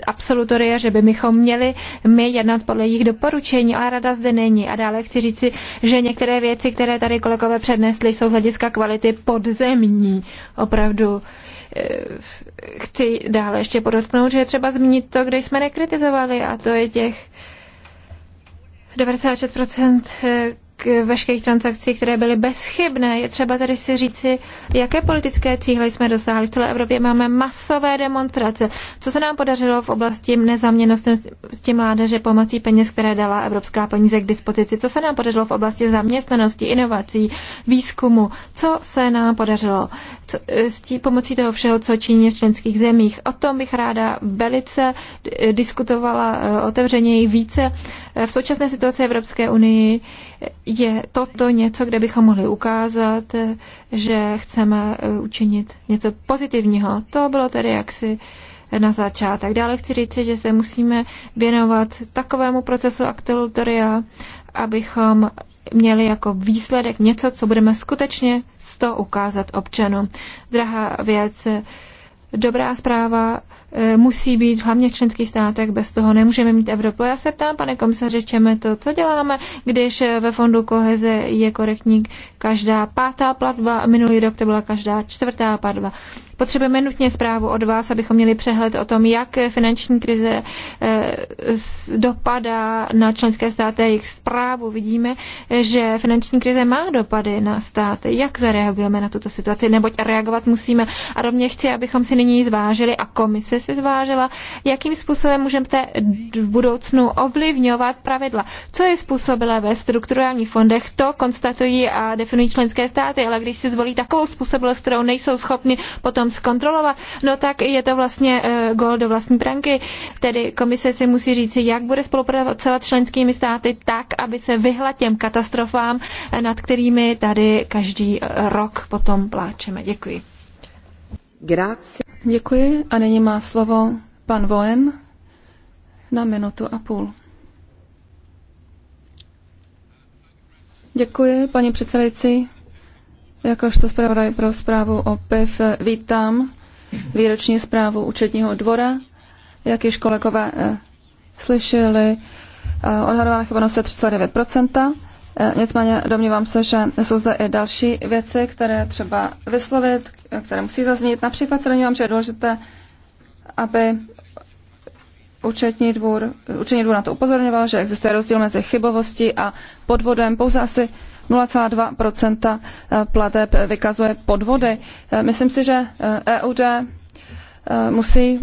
absolutoria, že by bychom měli my jednat podle jejich doporučení, ale rada zde není. A dále chci říci, že některé věci, které tady kolegové přednesli, jsou z hlediska kvality podzemní. Opravdu Eh, chci dále ještě podotknout, že je třeba zmínit to, kde jsme nekritizovali, a to je těch 96 k veškerých transakcí, které byly bezchybné. Je třeba tady si říci, jaké politické cíle jsme dosáhli. V celé Evropě máme masové demonstrace. Co se nám podařilo v oblasti nezaměstnanosti mládeže pomocí peněz, které dala Evropská peníze k dispozici? Co se nám podařilo v oblasti zaměstnanosti, inovací, výzkumu? Co se nám podařilo co, eh, s tí, pomocí toho všeho, co činí v členských zemích? O tom bych ráda velice eh, diskutovala eh, otevřeněji více. V současné situaci Evropské unii je toto něco, kde bychom mohli ukázat, že chceme eh, učinit něco pozitivního. To bylo tedy jaksi na začátek. Dále chci říct, že se musíme věnovat takovému procesu aktelutoria, abychom měli jako výsledek něco, co budeme skutečně z toho ukázat občanům. Drahá věc, dobrá zpráva E, musí být hlavně v členských státech, bez toho nemůžeme mít Evropu. Já se ptám, pane komisaři, čeme to, co děláme, když e, ve fondu koheze je korektní každá pátá platba, minulý rok to byla každá čtvrtá platba. Potřebujeme nutně zprávu od vás, abychom měli přehled o tom, jak finanční krize eh, dopadá na členské státy a jejich zprávu. Vidíme, že finanční krize má dopady na státy. Jak zareagujeme na tuto situaci? Neboť reagovat musíme. A rovně chci, abychom si nyní zvážili a komise si zvážila, jakým způsobem můžeme v budoucnu ovlivňovat pravidla. Co je způsobilé ve strukturálních fondech, to konstatují a definují členské státy, ale když si zvolí takovou způsobilost, kterou nejsou schopni potom mám zkontrolovat, no tak je to vlastně uh, eh, gol do vlastní branky. Tedy komise si musí říci, jak bude spolupracovat s členskými státy tak, aby se vyhla těm katastrofám, eh, nad kterými tady každý eh, rok potom pláčeme. Děkuji. Grazie. Děkuji a nyní má slovo pan Voen na minutu a půl. Děkuji, paní předsedající. Jakožto zpravodaj pro zprávu o PIV vítám výroční zprávu účetního dvora. Jak již kolegové eh, slyšeli, odhadovaná chybonost je 39%. Nicméně domnívám se, že jsou zde i další věci, které třeba vyslovit, které musí zaznít. Například se domnívám, že je důležité, aby účetní dvůr, účetní dvůr na to upozorňoval, že existuje rozdíl mezi chybovostí a podvodem. Pouze asi 0,2 eh, plateb vykazuje podvody. Eh, myslím si, že EUD eh, e musí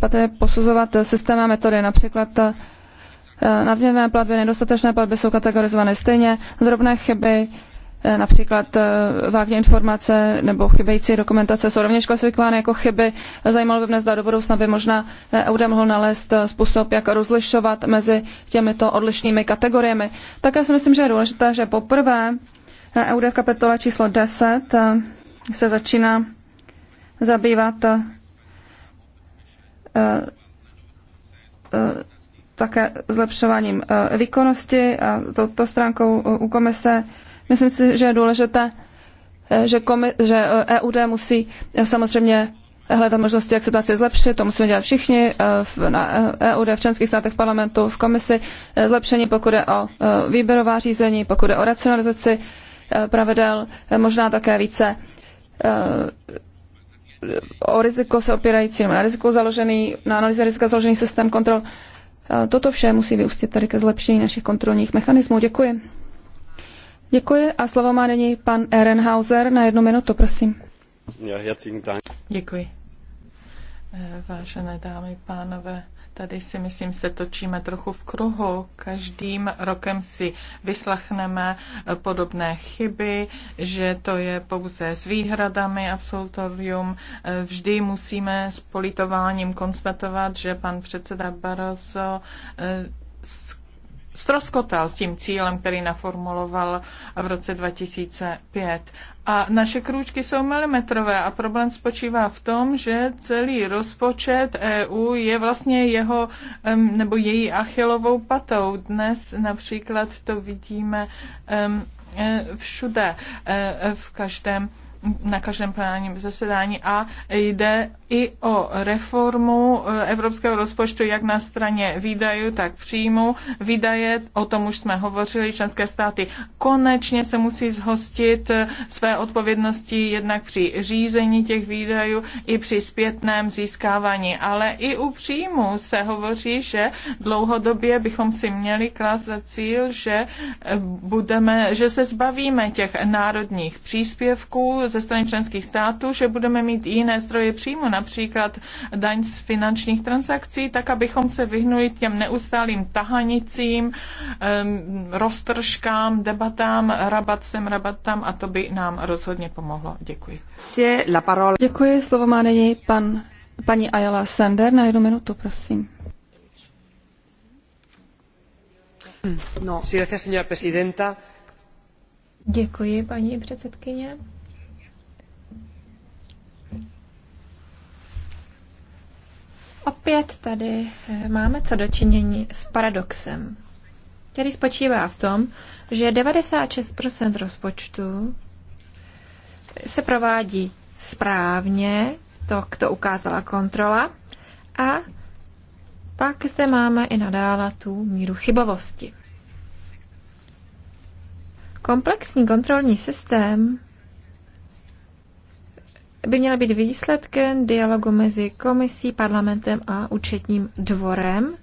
patrně posuzovat systémy a metody, například nadměrné platby, nedostatečné platby jsou kategorizovány stejně, drobné chyby Eh, například eh, vágní informace nebo chybějící dokumentace jsou rovněž klasifikovány jako chyby. Zajímalo by mě, zda do budoucna by možná eh, EUD mohl nalézt způsob, jak rozlišovat mezi těmito odlišnými kategoriemi. Také si myslím, že je důležité, že poprvé EUD v kapitole číslo 10 se začíná zabývat také zlepšováním výkonnosti a touto stránkou u komise Myslím si, že je důležité, eh, že, komi- že EUD eh, e musí eh, samozřejmě hledat možnosti, jak situaci zlepšit. To musíme dělat všichni na EUD, e v členských státech, v parlamentu, v komisi. Zlepšení, pokud je o výběrová řízení, pokud je o racionalizaci pravidel, možná také více o riziko se opírající, na riziko založený, na analýze rizika založený systém kontrol. Toto vše musí vyústit tady ke zlepšení našich kontrolních mechanismů. Děkuji. Děkuji a slovo má nyní pan Ehrenhauser na jednu minutu, prosím. Děkuji. Vážené dámy, pánové, tady si myslím, se točíme trochu v kruhu. Každým rokem si vyslechneme podobné chyby, že to je pouze s výhradami absolutorium. Vždy musíme s politováním konstatovat, že pan předseda Barroso eh, stroskotal s tím cílem, který naformuloval v roce 2005. A naše krůčky jsou milimetrové a problém spočívá v tom, že celý rozpočet EU je vlastně jeho nebo její achilovou patou. Dnes například to vidíme e, všude, e, v každém na každém plenárním zasedání a jde i o reformu eh, evropského rozpočtu jak na straně výdajů, tak příjmu. Výdaje, o tom už jsme hovořili, členské státy konečně se musí zhostit eh, své odpovědnosti jednak při řízení těch výdajů i při zpětném získávání, ale i u příjmu se hovoří, že dlouhodobě bychom si měli klást za cíl, že eh, budeme, že se zbavíme těch národních příspěvků, ze strany členských států, že budeme mít jiné zdroje přímo, například daň z finančních transakcí, tak abychom se vyhnuli těm neustálým tahanicím, roztržkám, debatám, rabat sem, rabat tam a to by nám rozhodně pomohlo. Děkuji. Děkuji, slovo má nyní pan, paní Ayala Sender na jednu minutu, prosím. No. Děkuji, paní předsedkyně. Opět tady eh, máme co dočinění s paradoxem, který spočívá v tom, že 96% rozpočtu se provádí správně, to, to ukázala kontrola, a pak zde máme i nadále tu míru chybovosti. Komplexní kontrolní systém by měla být výsledkem dialogu mezi komisí, parlamentem a účetním dvorem.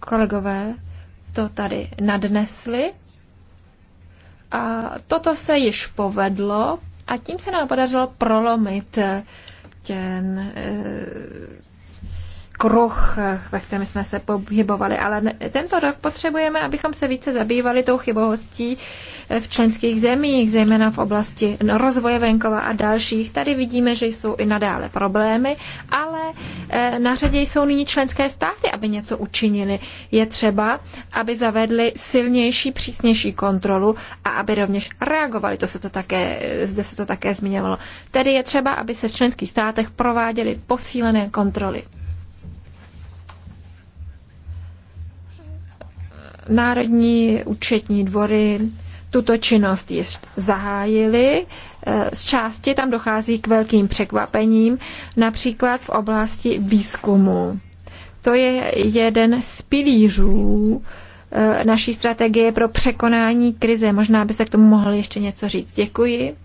Kolegové to tady nadnesli. A toto se již povedlo a tím se nám podařilo prolomit ten eh, kruh, ve kterém jsme se pohybovali. Ale tento rok potřebujeme, abychom se více zabývali tou chybovostí eh, v členských zemích, zejména v oblasti rozvoje venkova a dalších. Tady vidíme, že jsou i nadále problémy, ale eh, na řadě jsou nyní členské státy, aby něco učinili. Je třeba, aby zavedli silnější, přísnější kontrolu a aby rovněž reagovali. To se to také, eh, zde se to také zmiňovalo. Tedy je třeba, aby se v členských státech prováděly posílené kontroly. národní účetní dvory tuto činnost již zahájili. Eh, z části tam dochází k velkým překvapením, například v oblasti výzkumu. To je jeden z pilířů eh, naší strategie pro překonání krize. Možná by se k tomu mohl ještě něco říct. Děkuji.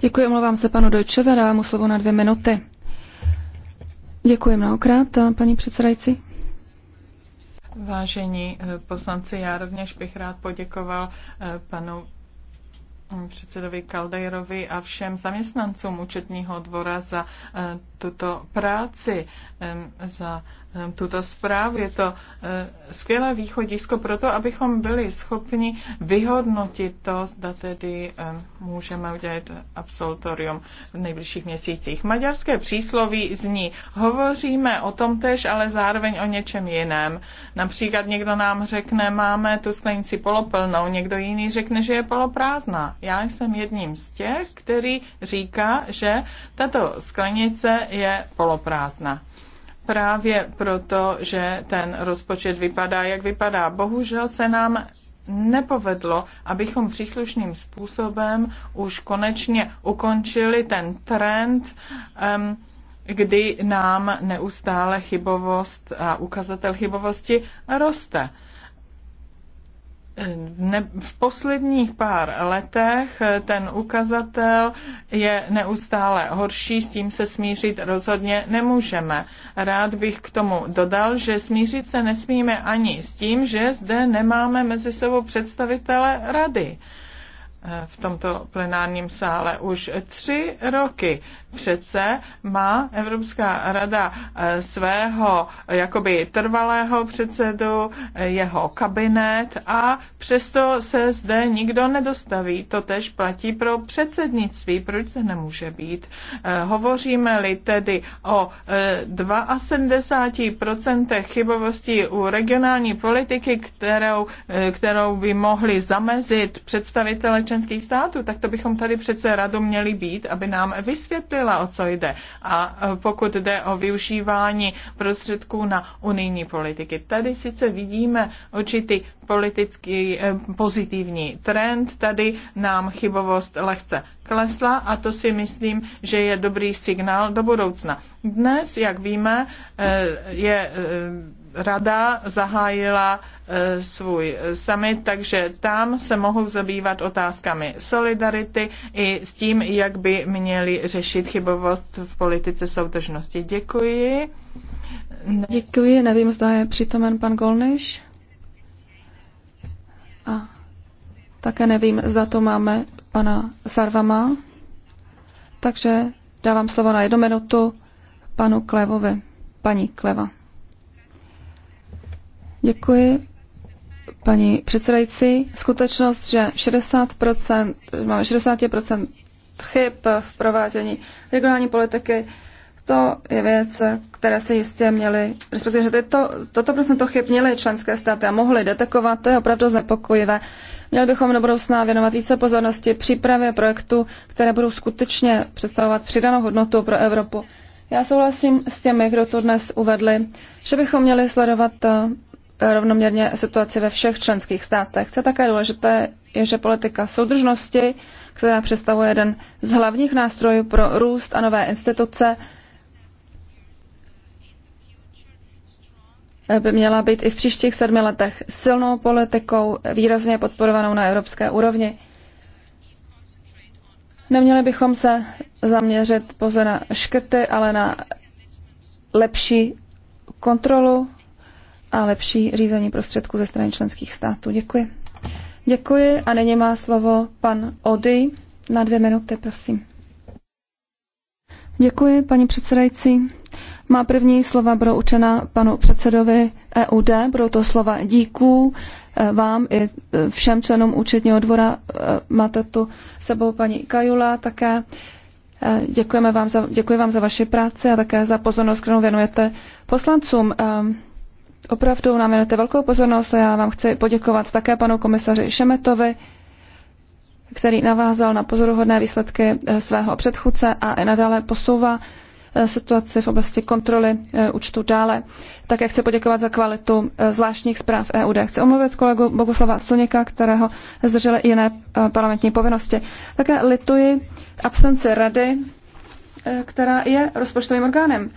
Děkuji, omlouvám se panu Dojčeve, dávám mu slovo na dvě minuty. Děkuji mnohokrát, paní předsedající. Vážení eh, poslanci, já rovněž bych rád poděkoval eh, panu mm, předsedovi Kaldejrovi a všem zaměstnancům účetního dvora za eh, tuto práci, za tuto zprávu. Je to eh, skvělé východisko pro to, abychom byli schopni vyhodnotit to, zda tedy eh, můžeme udělat absolutorium v nejbližších měsících. Maďarské přísloví zní, hovoříme o tom tež, ale zároveň o něčem jiném. Například někdo nám řekne, máme tu sklenici poloplnou, někdo jiný řekne, že je poloprázdná. Já jsem jedním z těch, který říká, že tato sklenice je poloprázdná právě proto, že ten rozpočet vypadá, jak vypadá. Bohužel se nám nepovedlo, abychom příslušným způsobem už konečně ukončili ten trend, kdy nám neustále chybovost a ukazatel chybovosti roste v posledních pár letech ten ukazatel je neustále horší, s tím se smířit rozhodně nemůžeme. Rád bych k tomu dodal, že smířit se nesmíme ani s tím, že zde nemáme mezi sebou představitele rady eh, v tomto plenárním sále už tři roky Přece má Evropská rada eh, svého eh, jakoby trvalého předsedu, eh, jeho kabinet a přesto se zde nikdo nedostaví. To tež platí pro předsednictví. Proč se nemůže být? Hovoříme-li tedy o 72% chybovosti u regionální politiky, kterou, kterou by mohli zamezit představitele členských států, tak to bychom tady přece radu měli být, aby nám vysvětlili, pochopila, o co jde. A e, pokud jde o využívání prostředků na unijní politiky, tady sice vidíme určitý politický e, pozitivní trend, tady nám chybovost lehce klesla a to si myslím, že je dobrý signál do budoucna. Dnes, jak víme, e, je rada zahájila e, svůj summit, takže tam se mohou zabývat otázkami solidarity i s tím, jak by měli řešit chybovost v politice soudržnosti. Děkuji. Děkuji, nevím, zda je přítomen pan Golniš. A také nevím, zda to máme pana Sarvama. Takže dávám slovo na jednu minutu panu Klevovi, paní Kleva. Děkuji. Paní předsedající, skutečnost, že 60%, máme 60% chyb v provádění regionální politiky, to je věc, které se jistě měly, respektive, že tyto, toto procento chyb měly členské státy a mohly detekovat, to je opravdu znepokojivé. Měli bychom do budoucna věnovat více pozornosti přípravě projektů, které budou skutečně představovat přidanou hodnotu pro Evropu. Já souhlasím s těmi, kdo to dnes uvedli, že bychom měli sledovat rovnoměrně situaci ve všech členských státech. Co je také důležité, je, že politika soudržnosti, která představuje jeden z hlavních nástrojů pro růst a nové instituce, by měla být i v příštích sedmi letech silnou politikou, výrazně podporovanou na evropské úrovni. Neměli bychom se zaměřit pouze na škrty, ale na lepší kontrolu a lepší řízení prostředků ze strany členských států. Děkuji. Děkuji a nyní má slovo pan Ody. Na dvě minuty, prosím. Děkuji, paní předsedající. Má první slova budou učena panu předsedovi EUD, budou to slova díků eh, vám i eh, všem členům účetního dvora. Eh, máte tu sebou paní Kajula také. Děkujeme vám za, děkuji vám za vaši práci a také za pozornost, kterou věnujete poslancům. Ehm, Opravdu nám věnujete velkou pozornost a já vám chci poděkovat také panu komisaři Šemetovi, který navázal na pozoruhodné výsledky eh, svého předchůdce a i nadále posouvá eh, situaci v oblasti kontroly eh, účtu dále. Také chci poděkovat za kvalitu zvláštních zpráv EUD. Chci omluvit kolegu Boguslava Sunika, kterého zdržely i jiné parlamentní povinnosti. Také lituji absenci rady, která je rozpočtovým orgánem.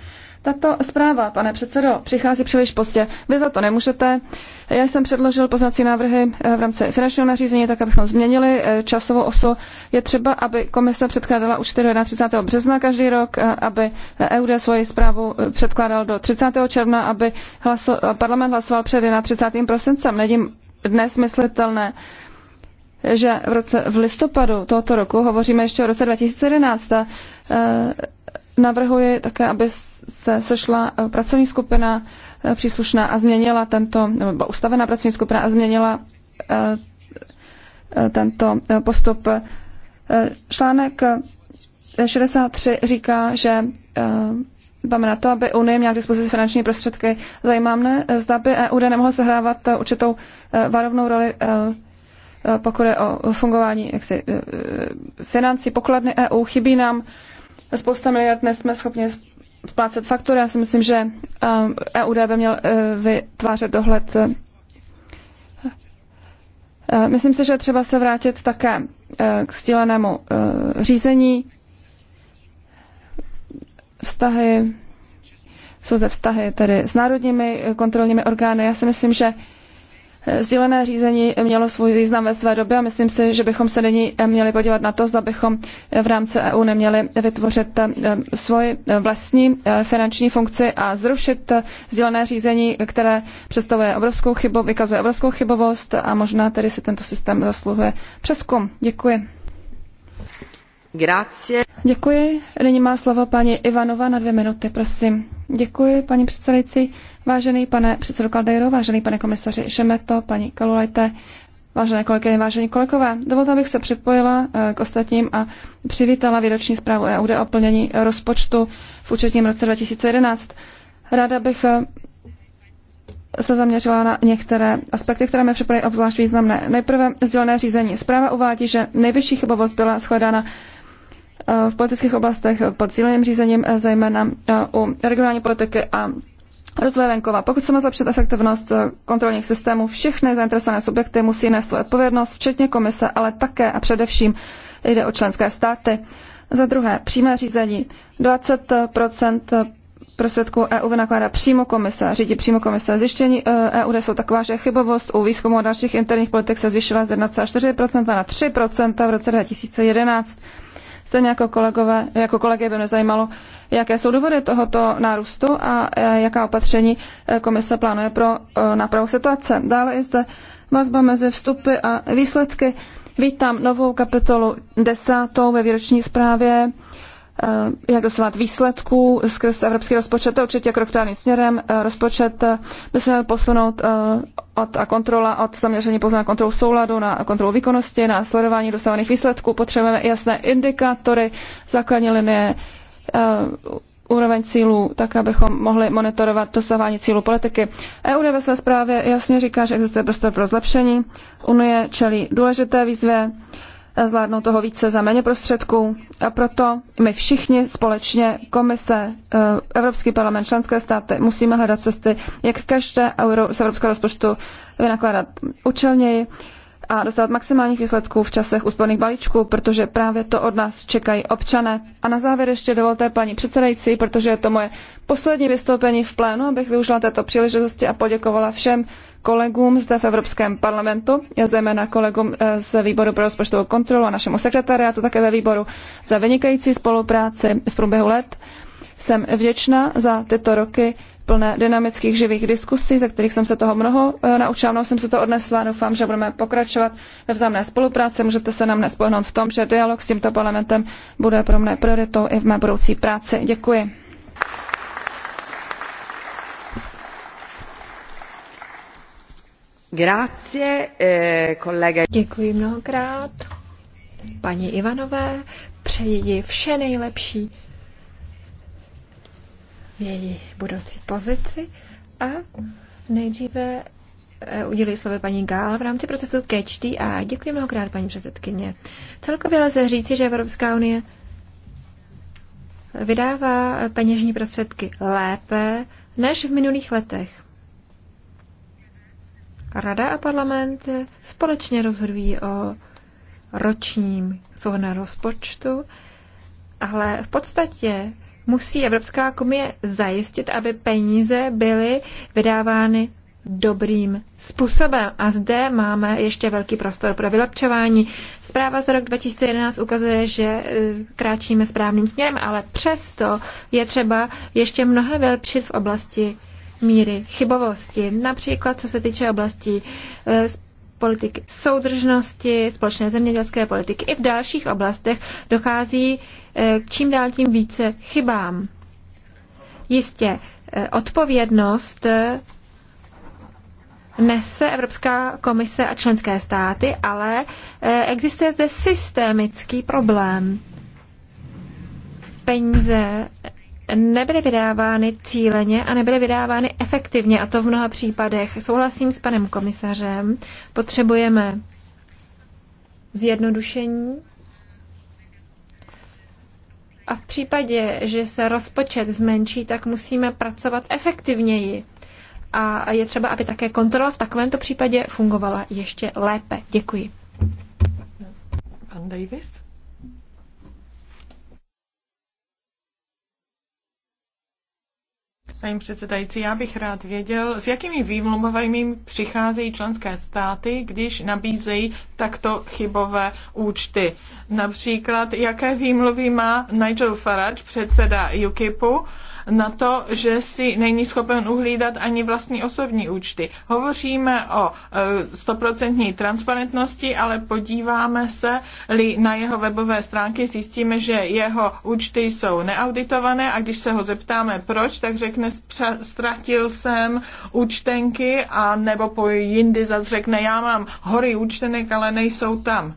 Tato zpráva, pane předsedo, přichází příliš pozdě. Vy za to nemůžete. Já jsem předložil poznací návrhy eh, v rámci finančního nařízení, tak abychom změnili eh, časovou osu. Je třeba, aby komise předkládala už 31. března každý rok, eh, aby EUD svoji zprávu předkládal do 30. června, aby hlaso, parlament hlasoval před 31. prosincem. Není dnes myslitelné, že v, roce, v listopadu tohoto roku, hovoříme ještě o roce 2011, Navrhuji také, aby se sešla eh, pracovní skupina eh, příslušná a změnila tento, nebo ustavená pracovní skupina a změnila eh, tento postup. Článek 63 říká, že dáme na to, aby Unie měla k dispozici finanční prostředky. Zajímá mne, zda by EUD nemohla sehrávat určitou varovnou roli pokud je o fungování jaksi, financí, pokladny EU. Chybí nám spousta miliard dnes jsme schopni splácet faktury. Já si myslím, že EUD eh, e by měl eh, vytvářet dohled. Eh, myslím si, že třeba se vrátit také k stílenému řízení. Vztahy, jsou ze vztahy tedy s národními kontrolními orgány. Já si myslím, že Sdílené řízení mělo svůj význam ve své době a myslím si, že bychom se nyní měli podívat na to, zda bychom v rámci EU neměli vytvořit eh, svoji eh, vlastní eh, finanční funkci a zrušit sdílené řízení, které představuje obrovskou chybu, vykazuje obrovskou chybovost a možná tedy si tento systém zasluhuje přeskum. Děkuji. Grazie. Děkuji. Nyní má slovo paní Ivanova na dvě minuty, prosím. Děkuji, paní předsedající. Vážený pane předsedo Kaldejro, vážený pane komisaři Šemeto, paní Kalulajte, vážené kolegyně, vážení kolegové. Dovolte, abych se připojila eh, k ostatním a přivítala výroční zprávu EUD o plnění rozpočtu v účetním roce 2011. Ráda bych eh, se zaměřila na některé aspekty, které mi připadají obzvlášť významné. Nejprve sdělené řízení. Zpráva uvádí, že nejvyšší chybovost byla shledána Eh, v politických oblastech pod cíleným řízením, eh, zejména eh, u regionální politiky a rozvoje venkova. Pokud chceme zlepšit efektivnost kontrolních systémů, všechny zainteresované subjekty musí nést svou odpovědnost, včetně komise, ale také a především jde o členské státy. Za druhé, přímé řízení. 20 prostředků EU vynakládá přímo komise, řídí přímo komise. Zjištění EU e jsou taková, že chybovost u výzkumu a dalších interních politik se zvýšila z 1,4% na 3% v roce 2011. Stejně jako, kolegové, jako kolegy by mě zajímalo, jaké jsou důvody tohoto nárůstu a e, jaká opatření e, komise plánuje pro e, nápravu situace. Dále je zde vazba mezi vstupy a výsledky. Vítám novou kapitolu desátou ve výroční zprávě jak dosovat výsledků skrz evropský rozpočet. To určitě krok správným směrem. Rozpočet by se měl posunout od a kontrola, od zaměření pouze na kontrolu souladu, na kontrolu výkonnosti, na sledování dosávaných výsledků. Potřebujeme jasné indikátory, základní linie, uh, úroveň cílů, tak abychom mohli monitorovat dosávání cílů politiky. EU ve své zprávě jasně říká, že existuje prostor pro zlepšení. Unie čelí důležité výzvě zvládnout toho více za méně prostředků. A proto my všichni společně, komise, eh, Evropský parlament, členské státy, musíme hledat cesty, jak každé euro z evropského rozpočtu vynakládat účelněji a dostat maximálních výsledků v časech úsporných balíčků, protože právě to od nás čekají občané. A na závěr ještě dovolte paní předsedající, protože je to moje poslední vystoupení v plénu, abych využila této příležitosti a poděkovala všem kolegům zde v Evropském parlamentu, zejména kolegům eh, z výboru pro rozpočtovou kontrolu a našemu sekretariátu také ve výboru za vynikající spolupráci v průběhu let. Jsem vděčná za tyto roky plné dynamických živých diskusí, ze kterých jsem se toho mnoho eh, naučila, mnoho jsem se to odnesla. Doufám, že budeme pokračovat ve vzájemné spolupráci. Můžete se na mne spolehnout v tom, že dialog s tímto parlamentem bude pro mne prioritou i v mé budoucí práci. Děkuji. Eh, děkuji mnohokrát paní Ivanové, přeji vše nejlepší v její budoucí pozici a nejdříve eh, udělí slovo paní Gál v rámci procesu Catch a děkuji mnohokrát, paní předsedkyně. Celkově lze říci, že Evropská unie vydává peněžní prostředky lépe než v minulých letech. Rada a parlament společně rozhodují o ročním souhrném rozpočtu, ale v podstatě musí Evropská komise zajistit, aby peníze byly vydávány dobrým způsobem. A zde máme ještě velký prostor pro vylepčování. Zpráva za rok 2011 ukazuje, že e, kráčíme správným směrem, ale přesto je třeba ještě mnohem vylepšit v oblasti míry chybovosti. Například co se týče oblasti eh, politiky soudržnosti, společné zemědělské politiky. I v dalších oblastech dochází eh, k čím dál tím více chybám. Jistě, eh, odpovědnost nese Evropská komise a členské státy, ale existuje zde systémický problém. Peníze nebyly vydávány cíleně a nebyly vydávány efektivně, a to v mnoha případech. Souhlasím s panem komisařem, potřebujeme zjednodušení. A v případě, že se rozpočet zmenší, tak musíme pracovat efektivněji. A je třeba, aby také kontrola v takovémto případě fungovala ještě lépe. Děkuji. Pan Davis? Paní předsedající, já bych rád věděl, s jakými výmluvami přicházejí členské státy, když nabízejí takto chybové účty. Například, jaké výmluvy má Nigel Farage, předseda UKIPu, na to, že si není schopen uhlídat ani vlastní osobní účty. Hovoříme o e, stoprocentní transparentnosti, ale podíváme se-li na jeho webové stránky, zjistíme, že jeho účty jsou neauditované a když se ho zeptáme proč, tak řekne, ztratil jsem účtenky a nebo po jindy zase řekne, já mám hory účtenek, ale nejsou tam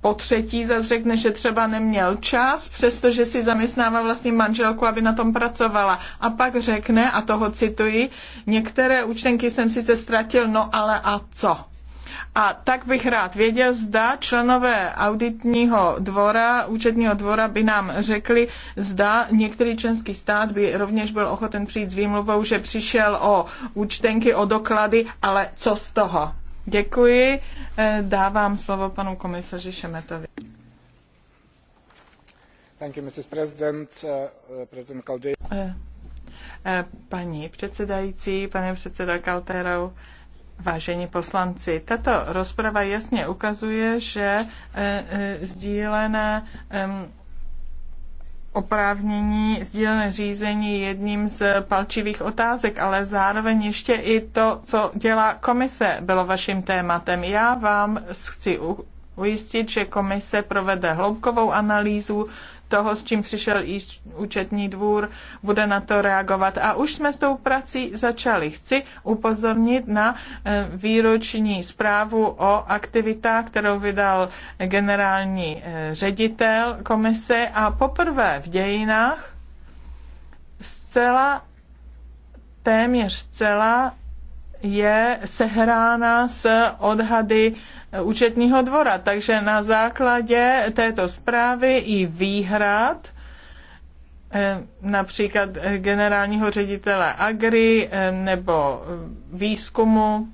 po třetí zase řekne, že třeba neměl čas, přestože si zaměstnává vlastně manželku, aby na tom pracovala. A pak řekne, a toho cituji, některé účtenky jsem sice ztratil, no ale a co? A tak bych rád věděl, zda členové auditního dvora, účetního dvora by nám řekli, zda některý členský stát by rovněž byl ochoten přijít s výmluvou, že přišel o účtenky, o doklady, ale co z toho? Děkuji. Eh, dávám slovo panu komisaři Šemetovi. Thank you, Mrs. President, uh, President Caldera. Uh, paní předsedající, pane předseda Kalterou, vážení poslanci, tato rozprava jasně ukazuje, že uh, sdílené um, oprávnění sdílené řízení jedním z palčivých otázek, ale zároveň ještě i to, co dělá komise, bylo vaším tématem. Já vám chci ujistit, že komise provede hloubkovou analýzu toho, s čím přišel i účetní dvůr, bude na to reagovat. A už jsme s tou prací začali. Chci upozornit na eh, výroční zprávu o aktivitách, kterou vydal generální eh, ředitel komise a poprvé v dějinách zcela, téměř zcela je sehrána s odhady Eh, účetního dvora. Takže na základě této zprávy i výhrad eh, například eh, generálního ředitele Agri nebo výzkumu,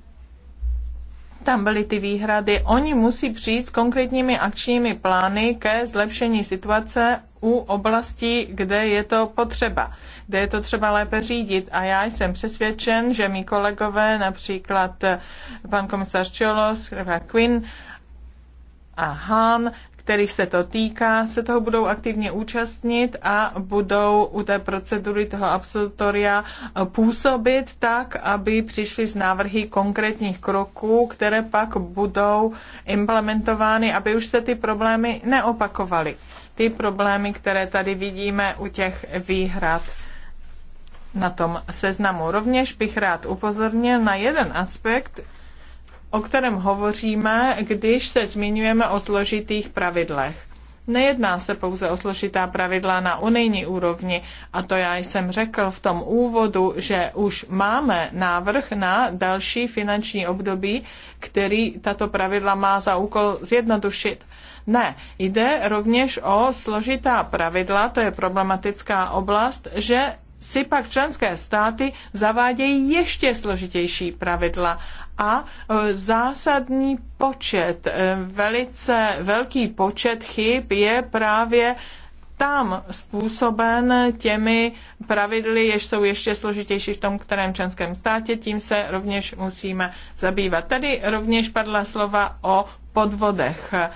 tam byly ty výhrady. Oni musí přijít s konkrétními akčními plány ke zlepšení situace u oblasti, kde je to potřeba, kde je to třeba lépe řídit. A já jsem přesvědčen, že mi kolegové, například pan komisař Čolos, Quinn a Hahn, kterých se to týká, se toho budou aktivně účastnit a budou u té procedury toho absolutoria působit tak, aby přišli z návrhy konkrétních kroků, které pak budou implementovány, aby už se ty problémy neopakovaly ty problémy, které tady vidíme u těch výhrad na tom seznamu. Rovněž bych rád upozornil na jeden aspekt, o kterém hovoříme, když se zmiňujeme o složitých pravidlech. Nejedná se pouze o složitá pravidla na unijní úrovni a to já jsem řekl v tom úvodu, že už máme návrh na další finanční období, který tato pravidla má za úkol zjednodušit. Ne, jde rovněž o složitá pravidla, to je problematická oblast, že si pak členské státy zavádějí ještě složitější pravidla a e, zásadní počet, e, velice velký počet chyb je právě tam způsoben těmi pravidly, jež jsou ještě složitější v tom kterém členském státě, tím se rovněž musíme zabývat. Tady rovněž padla slova o podvodech e,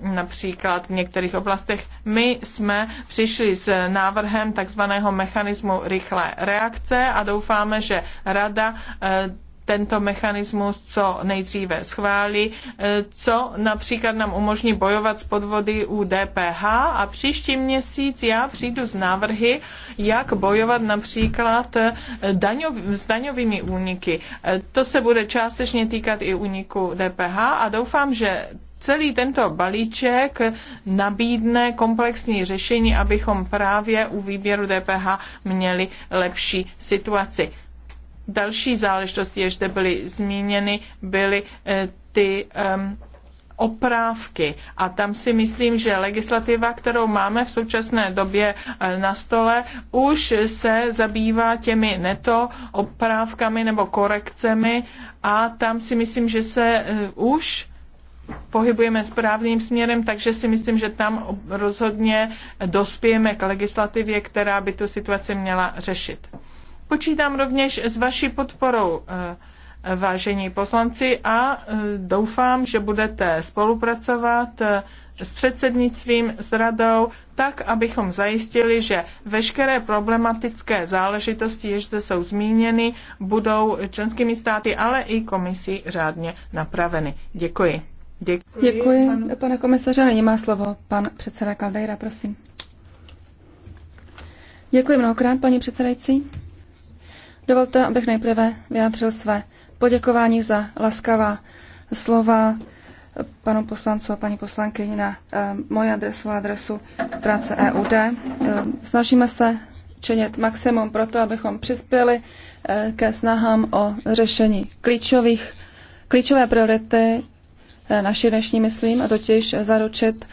například v některých oblastech. My jsme přišli s návrhem takzvaného mechanismu rychlé reakce a doufáme, že Rada tento mechanismus co nejdříve schválí, eh, co například nám umožní bojovat s podvody u DPH a příští měsíc já přijdu s návrhy, jak bojovat například eh, daňov, s daňovými úniky. Eh, to se bude částečně týkat i úniku DPH a doufám, že celý tento balíček nabídne komplexní řešení, abychom právě u výběru DPH měli lepší situaci. Další záležitosti, jež zde byly zmíněny, byly eh, ty ehm, oprávky. A tam si myslím, že legislativa, kterou máme v současné době eh, na stole, už se zabývá těmi neto oprávkami nebo korekcemi a tam si myslím, že se eh, už pohybujeme správným směrem, takže si myslím, že tam rozhodně dospějeme k legislativě, která by tu situaci měla řešit. Počítám rovněž s vaší podporou, eh, vážení poslanci, a eh, doufám, že budete spolupracovat eh, s předsednictvím, s radou, tak, abychom zajistili, že veškeré problematické záležitosti, jež zde jsou zmíněny, budou členskými státy, ale i komisí řádně napraveny. Děkuji. Děkuji, Děkuji panu... pane komisaře. Nyní má slovo pan předseda Kaldejra, prosím. Děkuji mnohokrát, paní předsedající. Dovolte, abych nejprve vyjádřil své poděkování za laskavá slova panu poslancu a paní poslankyni na eh, moji adresu a adresu práce EUD. Eh, snažíme se činit maximum pro to, abychom přispěli eh, ke snahám o řešení klíčových, klíčové priority naší dnešní, myslím, a totiž zaručit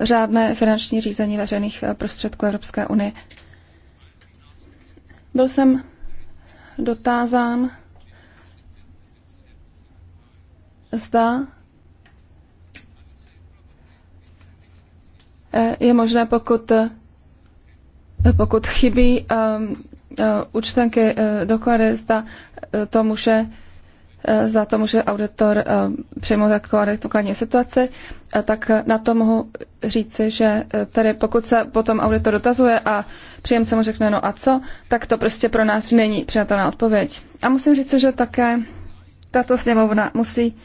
řádné finanční řízení veřejných prostředků Evropské unie. Byl jsem dotázán, zda eh, je možné, pokud, eh, pokud chybí eh, účtenky, doklady, zda to může Eh, za to může auditor eh, přijmout takovou adekvátní situaci, eh, tak na to mohu říci, že tedy pokud se potom auditor dotazuje a příjemce mu řekne no a co, tak to prostě pro nás není přijatelná odpověď. A musím říci, že také tato sněmovna musí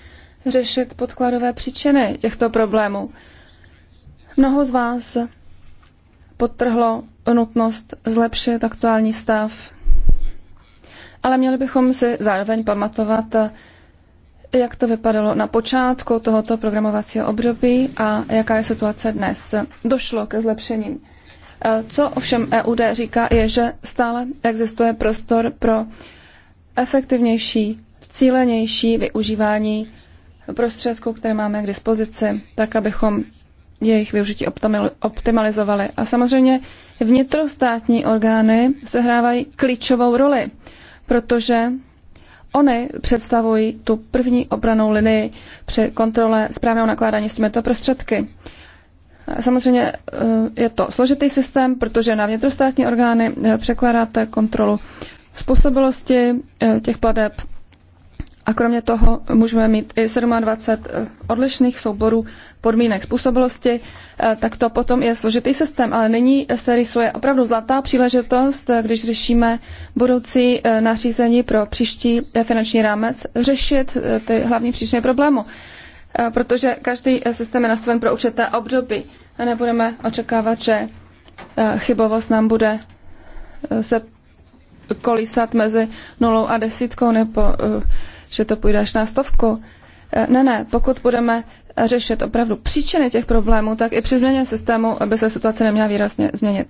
řešit podkladové příčiny těchto problémů. Mnoho z vás podtrhlo nutnost zlepšit aktuální stav ale měli bychom si zároveň pamatovat, jak to vypadalo na počátku tohoto programovacího období a jaká je situace dnes. Došlo ke zlepšením. Eh, co ovšem EUD říká, je, že stále existuje prostor pro efektivnější, cílenější využívání prostředků, které máme k dispozici, tak abychom jejich využití optimalizovali. A samozřejmě vnitrostátní orgány sehrávají klíčovou roli protože Ony představují tu první obranou linii při kontrole správného nakládání s těmito prostředky. Samozřejmě eh, je to složitý systém, protože na vnitrostátní orgány eh, překládáte kontrolu způsobilosti eh, těch pladeb a kromě toho můžeme mít i 27 eh, odlišných souborů podmínek způsobilosti, eh, tak to potom je složitý systém, ale nyní se rysuje opravdu zlatá příležitost, eh, když řešíme budoucí nařízení pro příští finanční rámec, řešit ty hlavní příčiny problému. Protože každý systém je nastaven pro určité období. a Nebudeme očekávat, že chybovost nám bude se kolísat mezi nulou a desítkou nebo že to půjde až na stovku. Eh, ne, ne, pokud budeme řešit opravdu příčiny těch problémů, tak i při změně systému by se situace neměla výrazně změnit.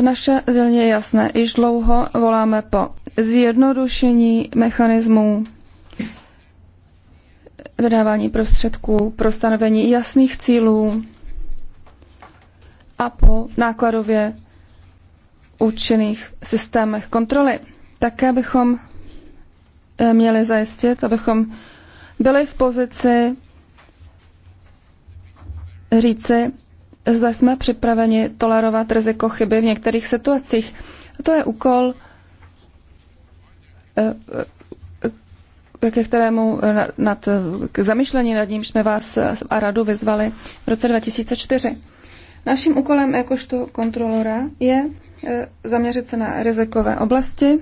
Naše země je jasné. Již dlouho voláme po zjednodušení mechanismů vydávání prostředků pro stanovení jasných cílů a po nákladově účinných systémech kontroly. Také bychom eh, měli zajistit, abychom byli v pozici říci, zda jsme připraveni tolerovat riziko chyby v některých situacích. A to je úkol, eh, eh, ke kterému nad, k zamišlení nad ním jsme vás a radu vyzvali v roce 2004. Naším úkolem jakožto kontrolora je zaměřit se na rizikové oblasti,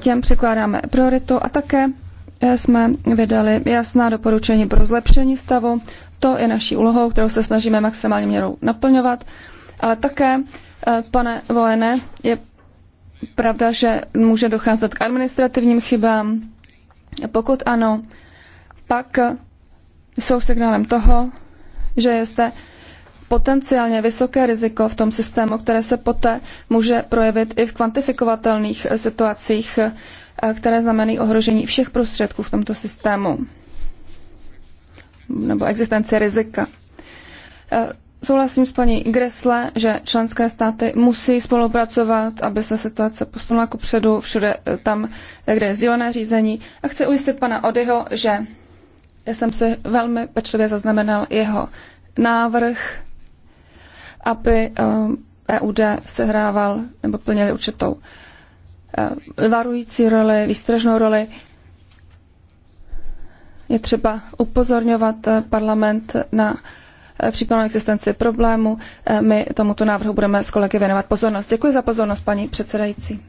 těm přikládáme prioritu a také eh, jsme vydali jasná doporučení pro zlepšení stavu. To je naší úlohou, kterou se snažíme maximálně měrou naplňovat. Ale také, eh, pane Vojene, je pravda, že může docházet k administrativním chybám. Pokud ano, pak jsou signálem toho, že je zde potenciálně vysoké riziko v tom systému, které se poté může projevit i v kvantifikovatelných situacích, eh, které znamenají ohrožení všech prostředků v tomto systému nebo existenci rizika. Eh, souhlasím s paní Gresle, že členské státy musí spolupracovat, aby se situace posunula ku předu všude eh, tam, kde je sdílené řízení. A chci ujistit pana Odyho, že jsem si velmi pečlivě zaznamenal jeho návrh aby EUD eh, e sehrával nebo plnil určitou eh, varující roli, výstražnou roli. Je třeba upozorňovat eh, parlament na případnou existenci problému. My tomuto návrhu budeme s kolegy věnovat pozornost. Děkuji za pozornost, paní předsedající.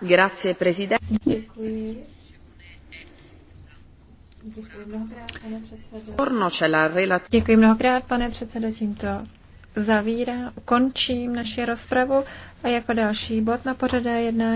Grazie, prezident. Děkuji. Děkuji mnohokrát, pane předsedo. Děkuji mnohokrát, pane předsedo, tímto zavírá, končím naši rozpravu a jako další bod na pořadé jednání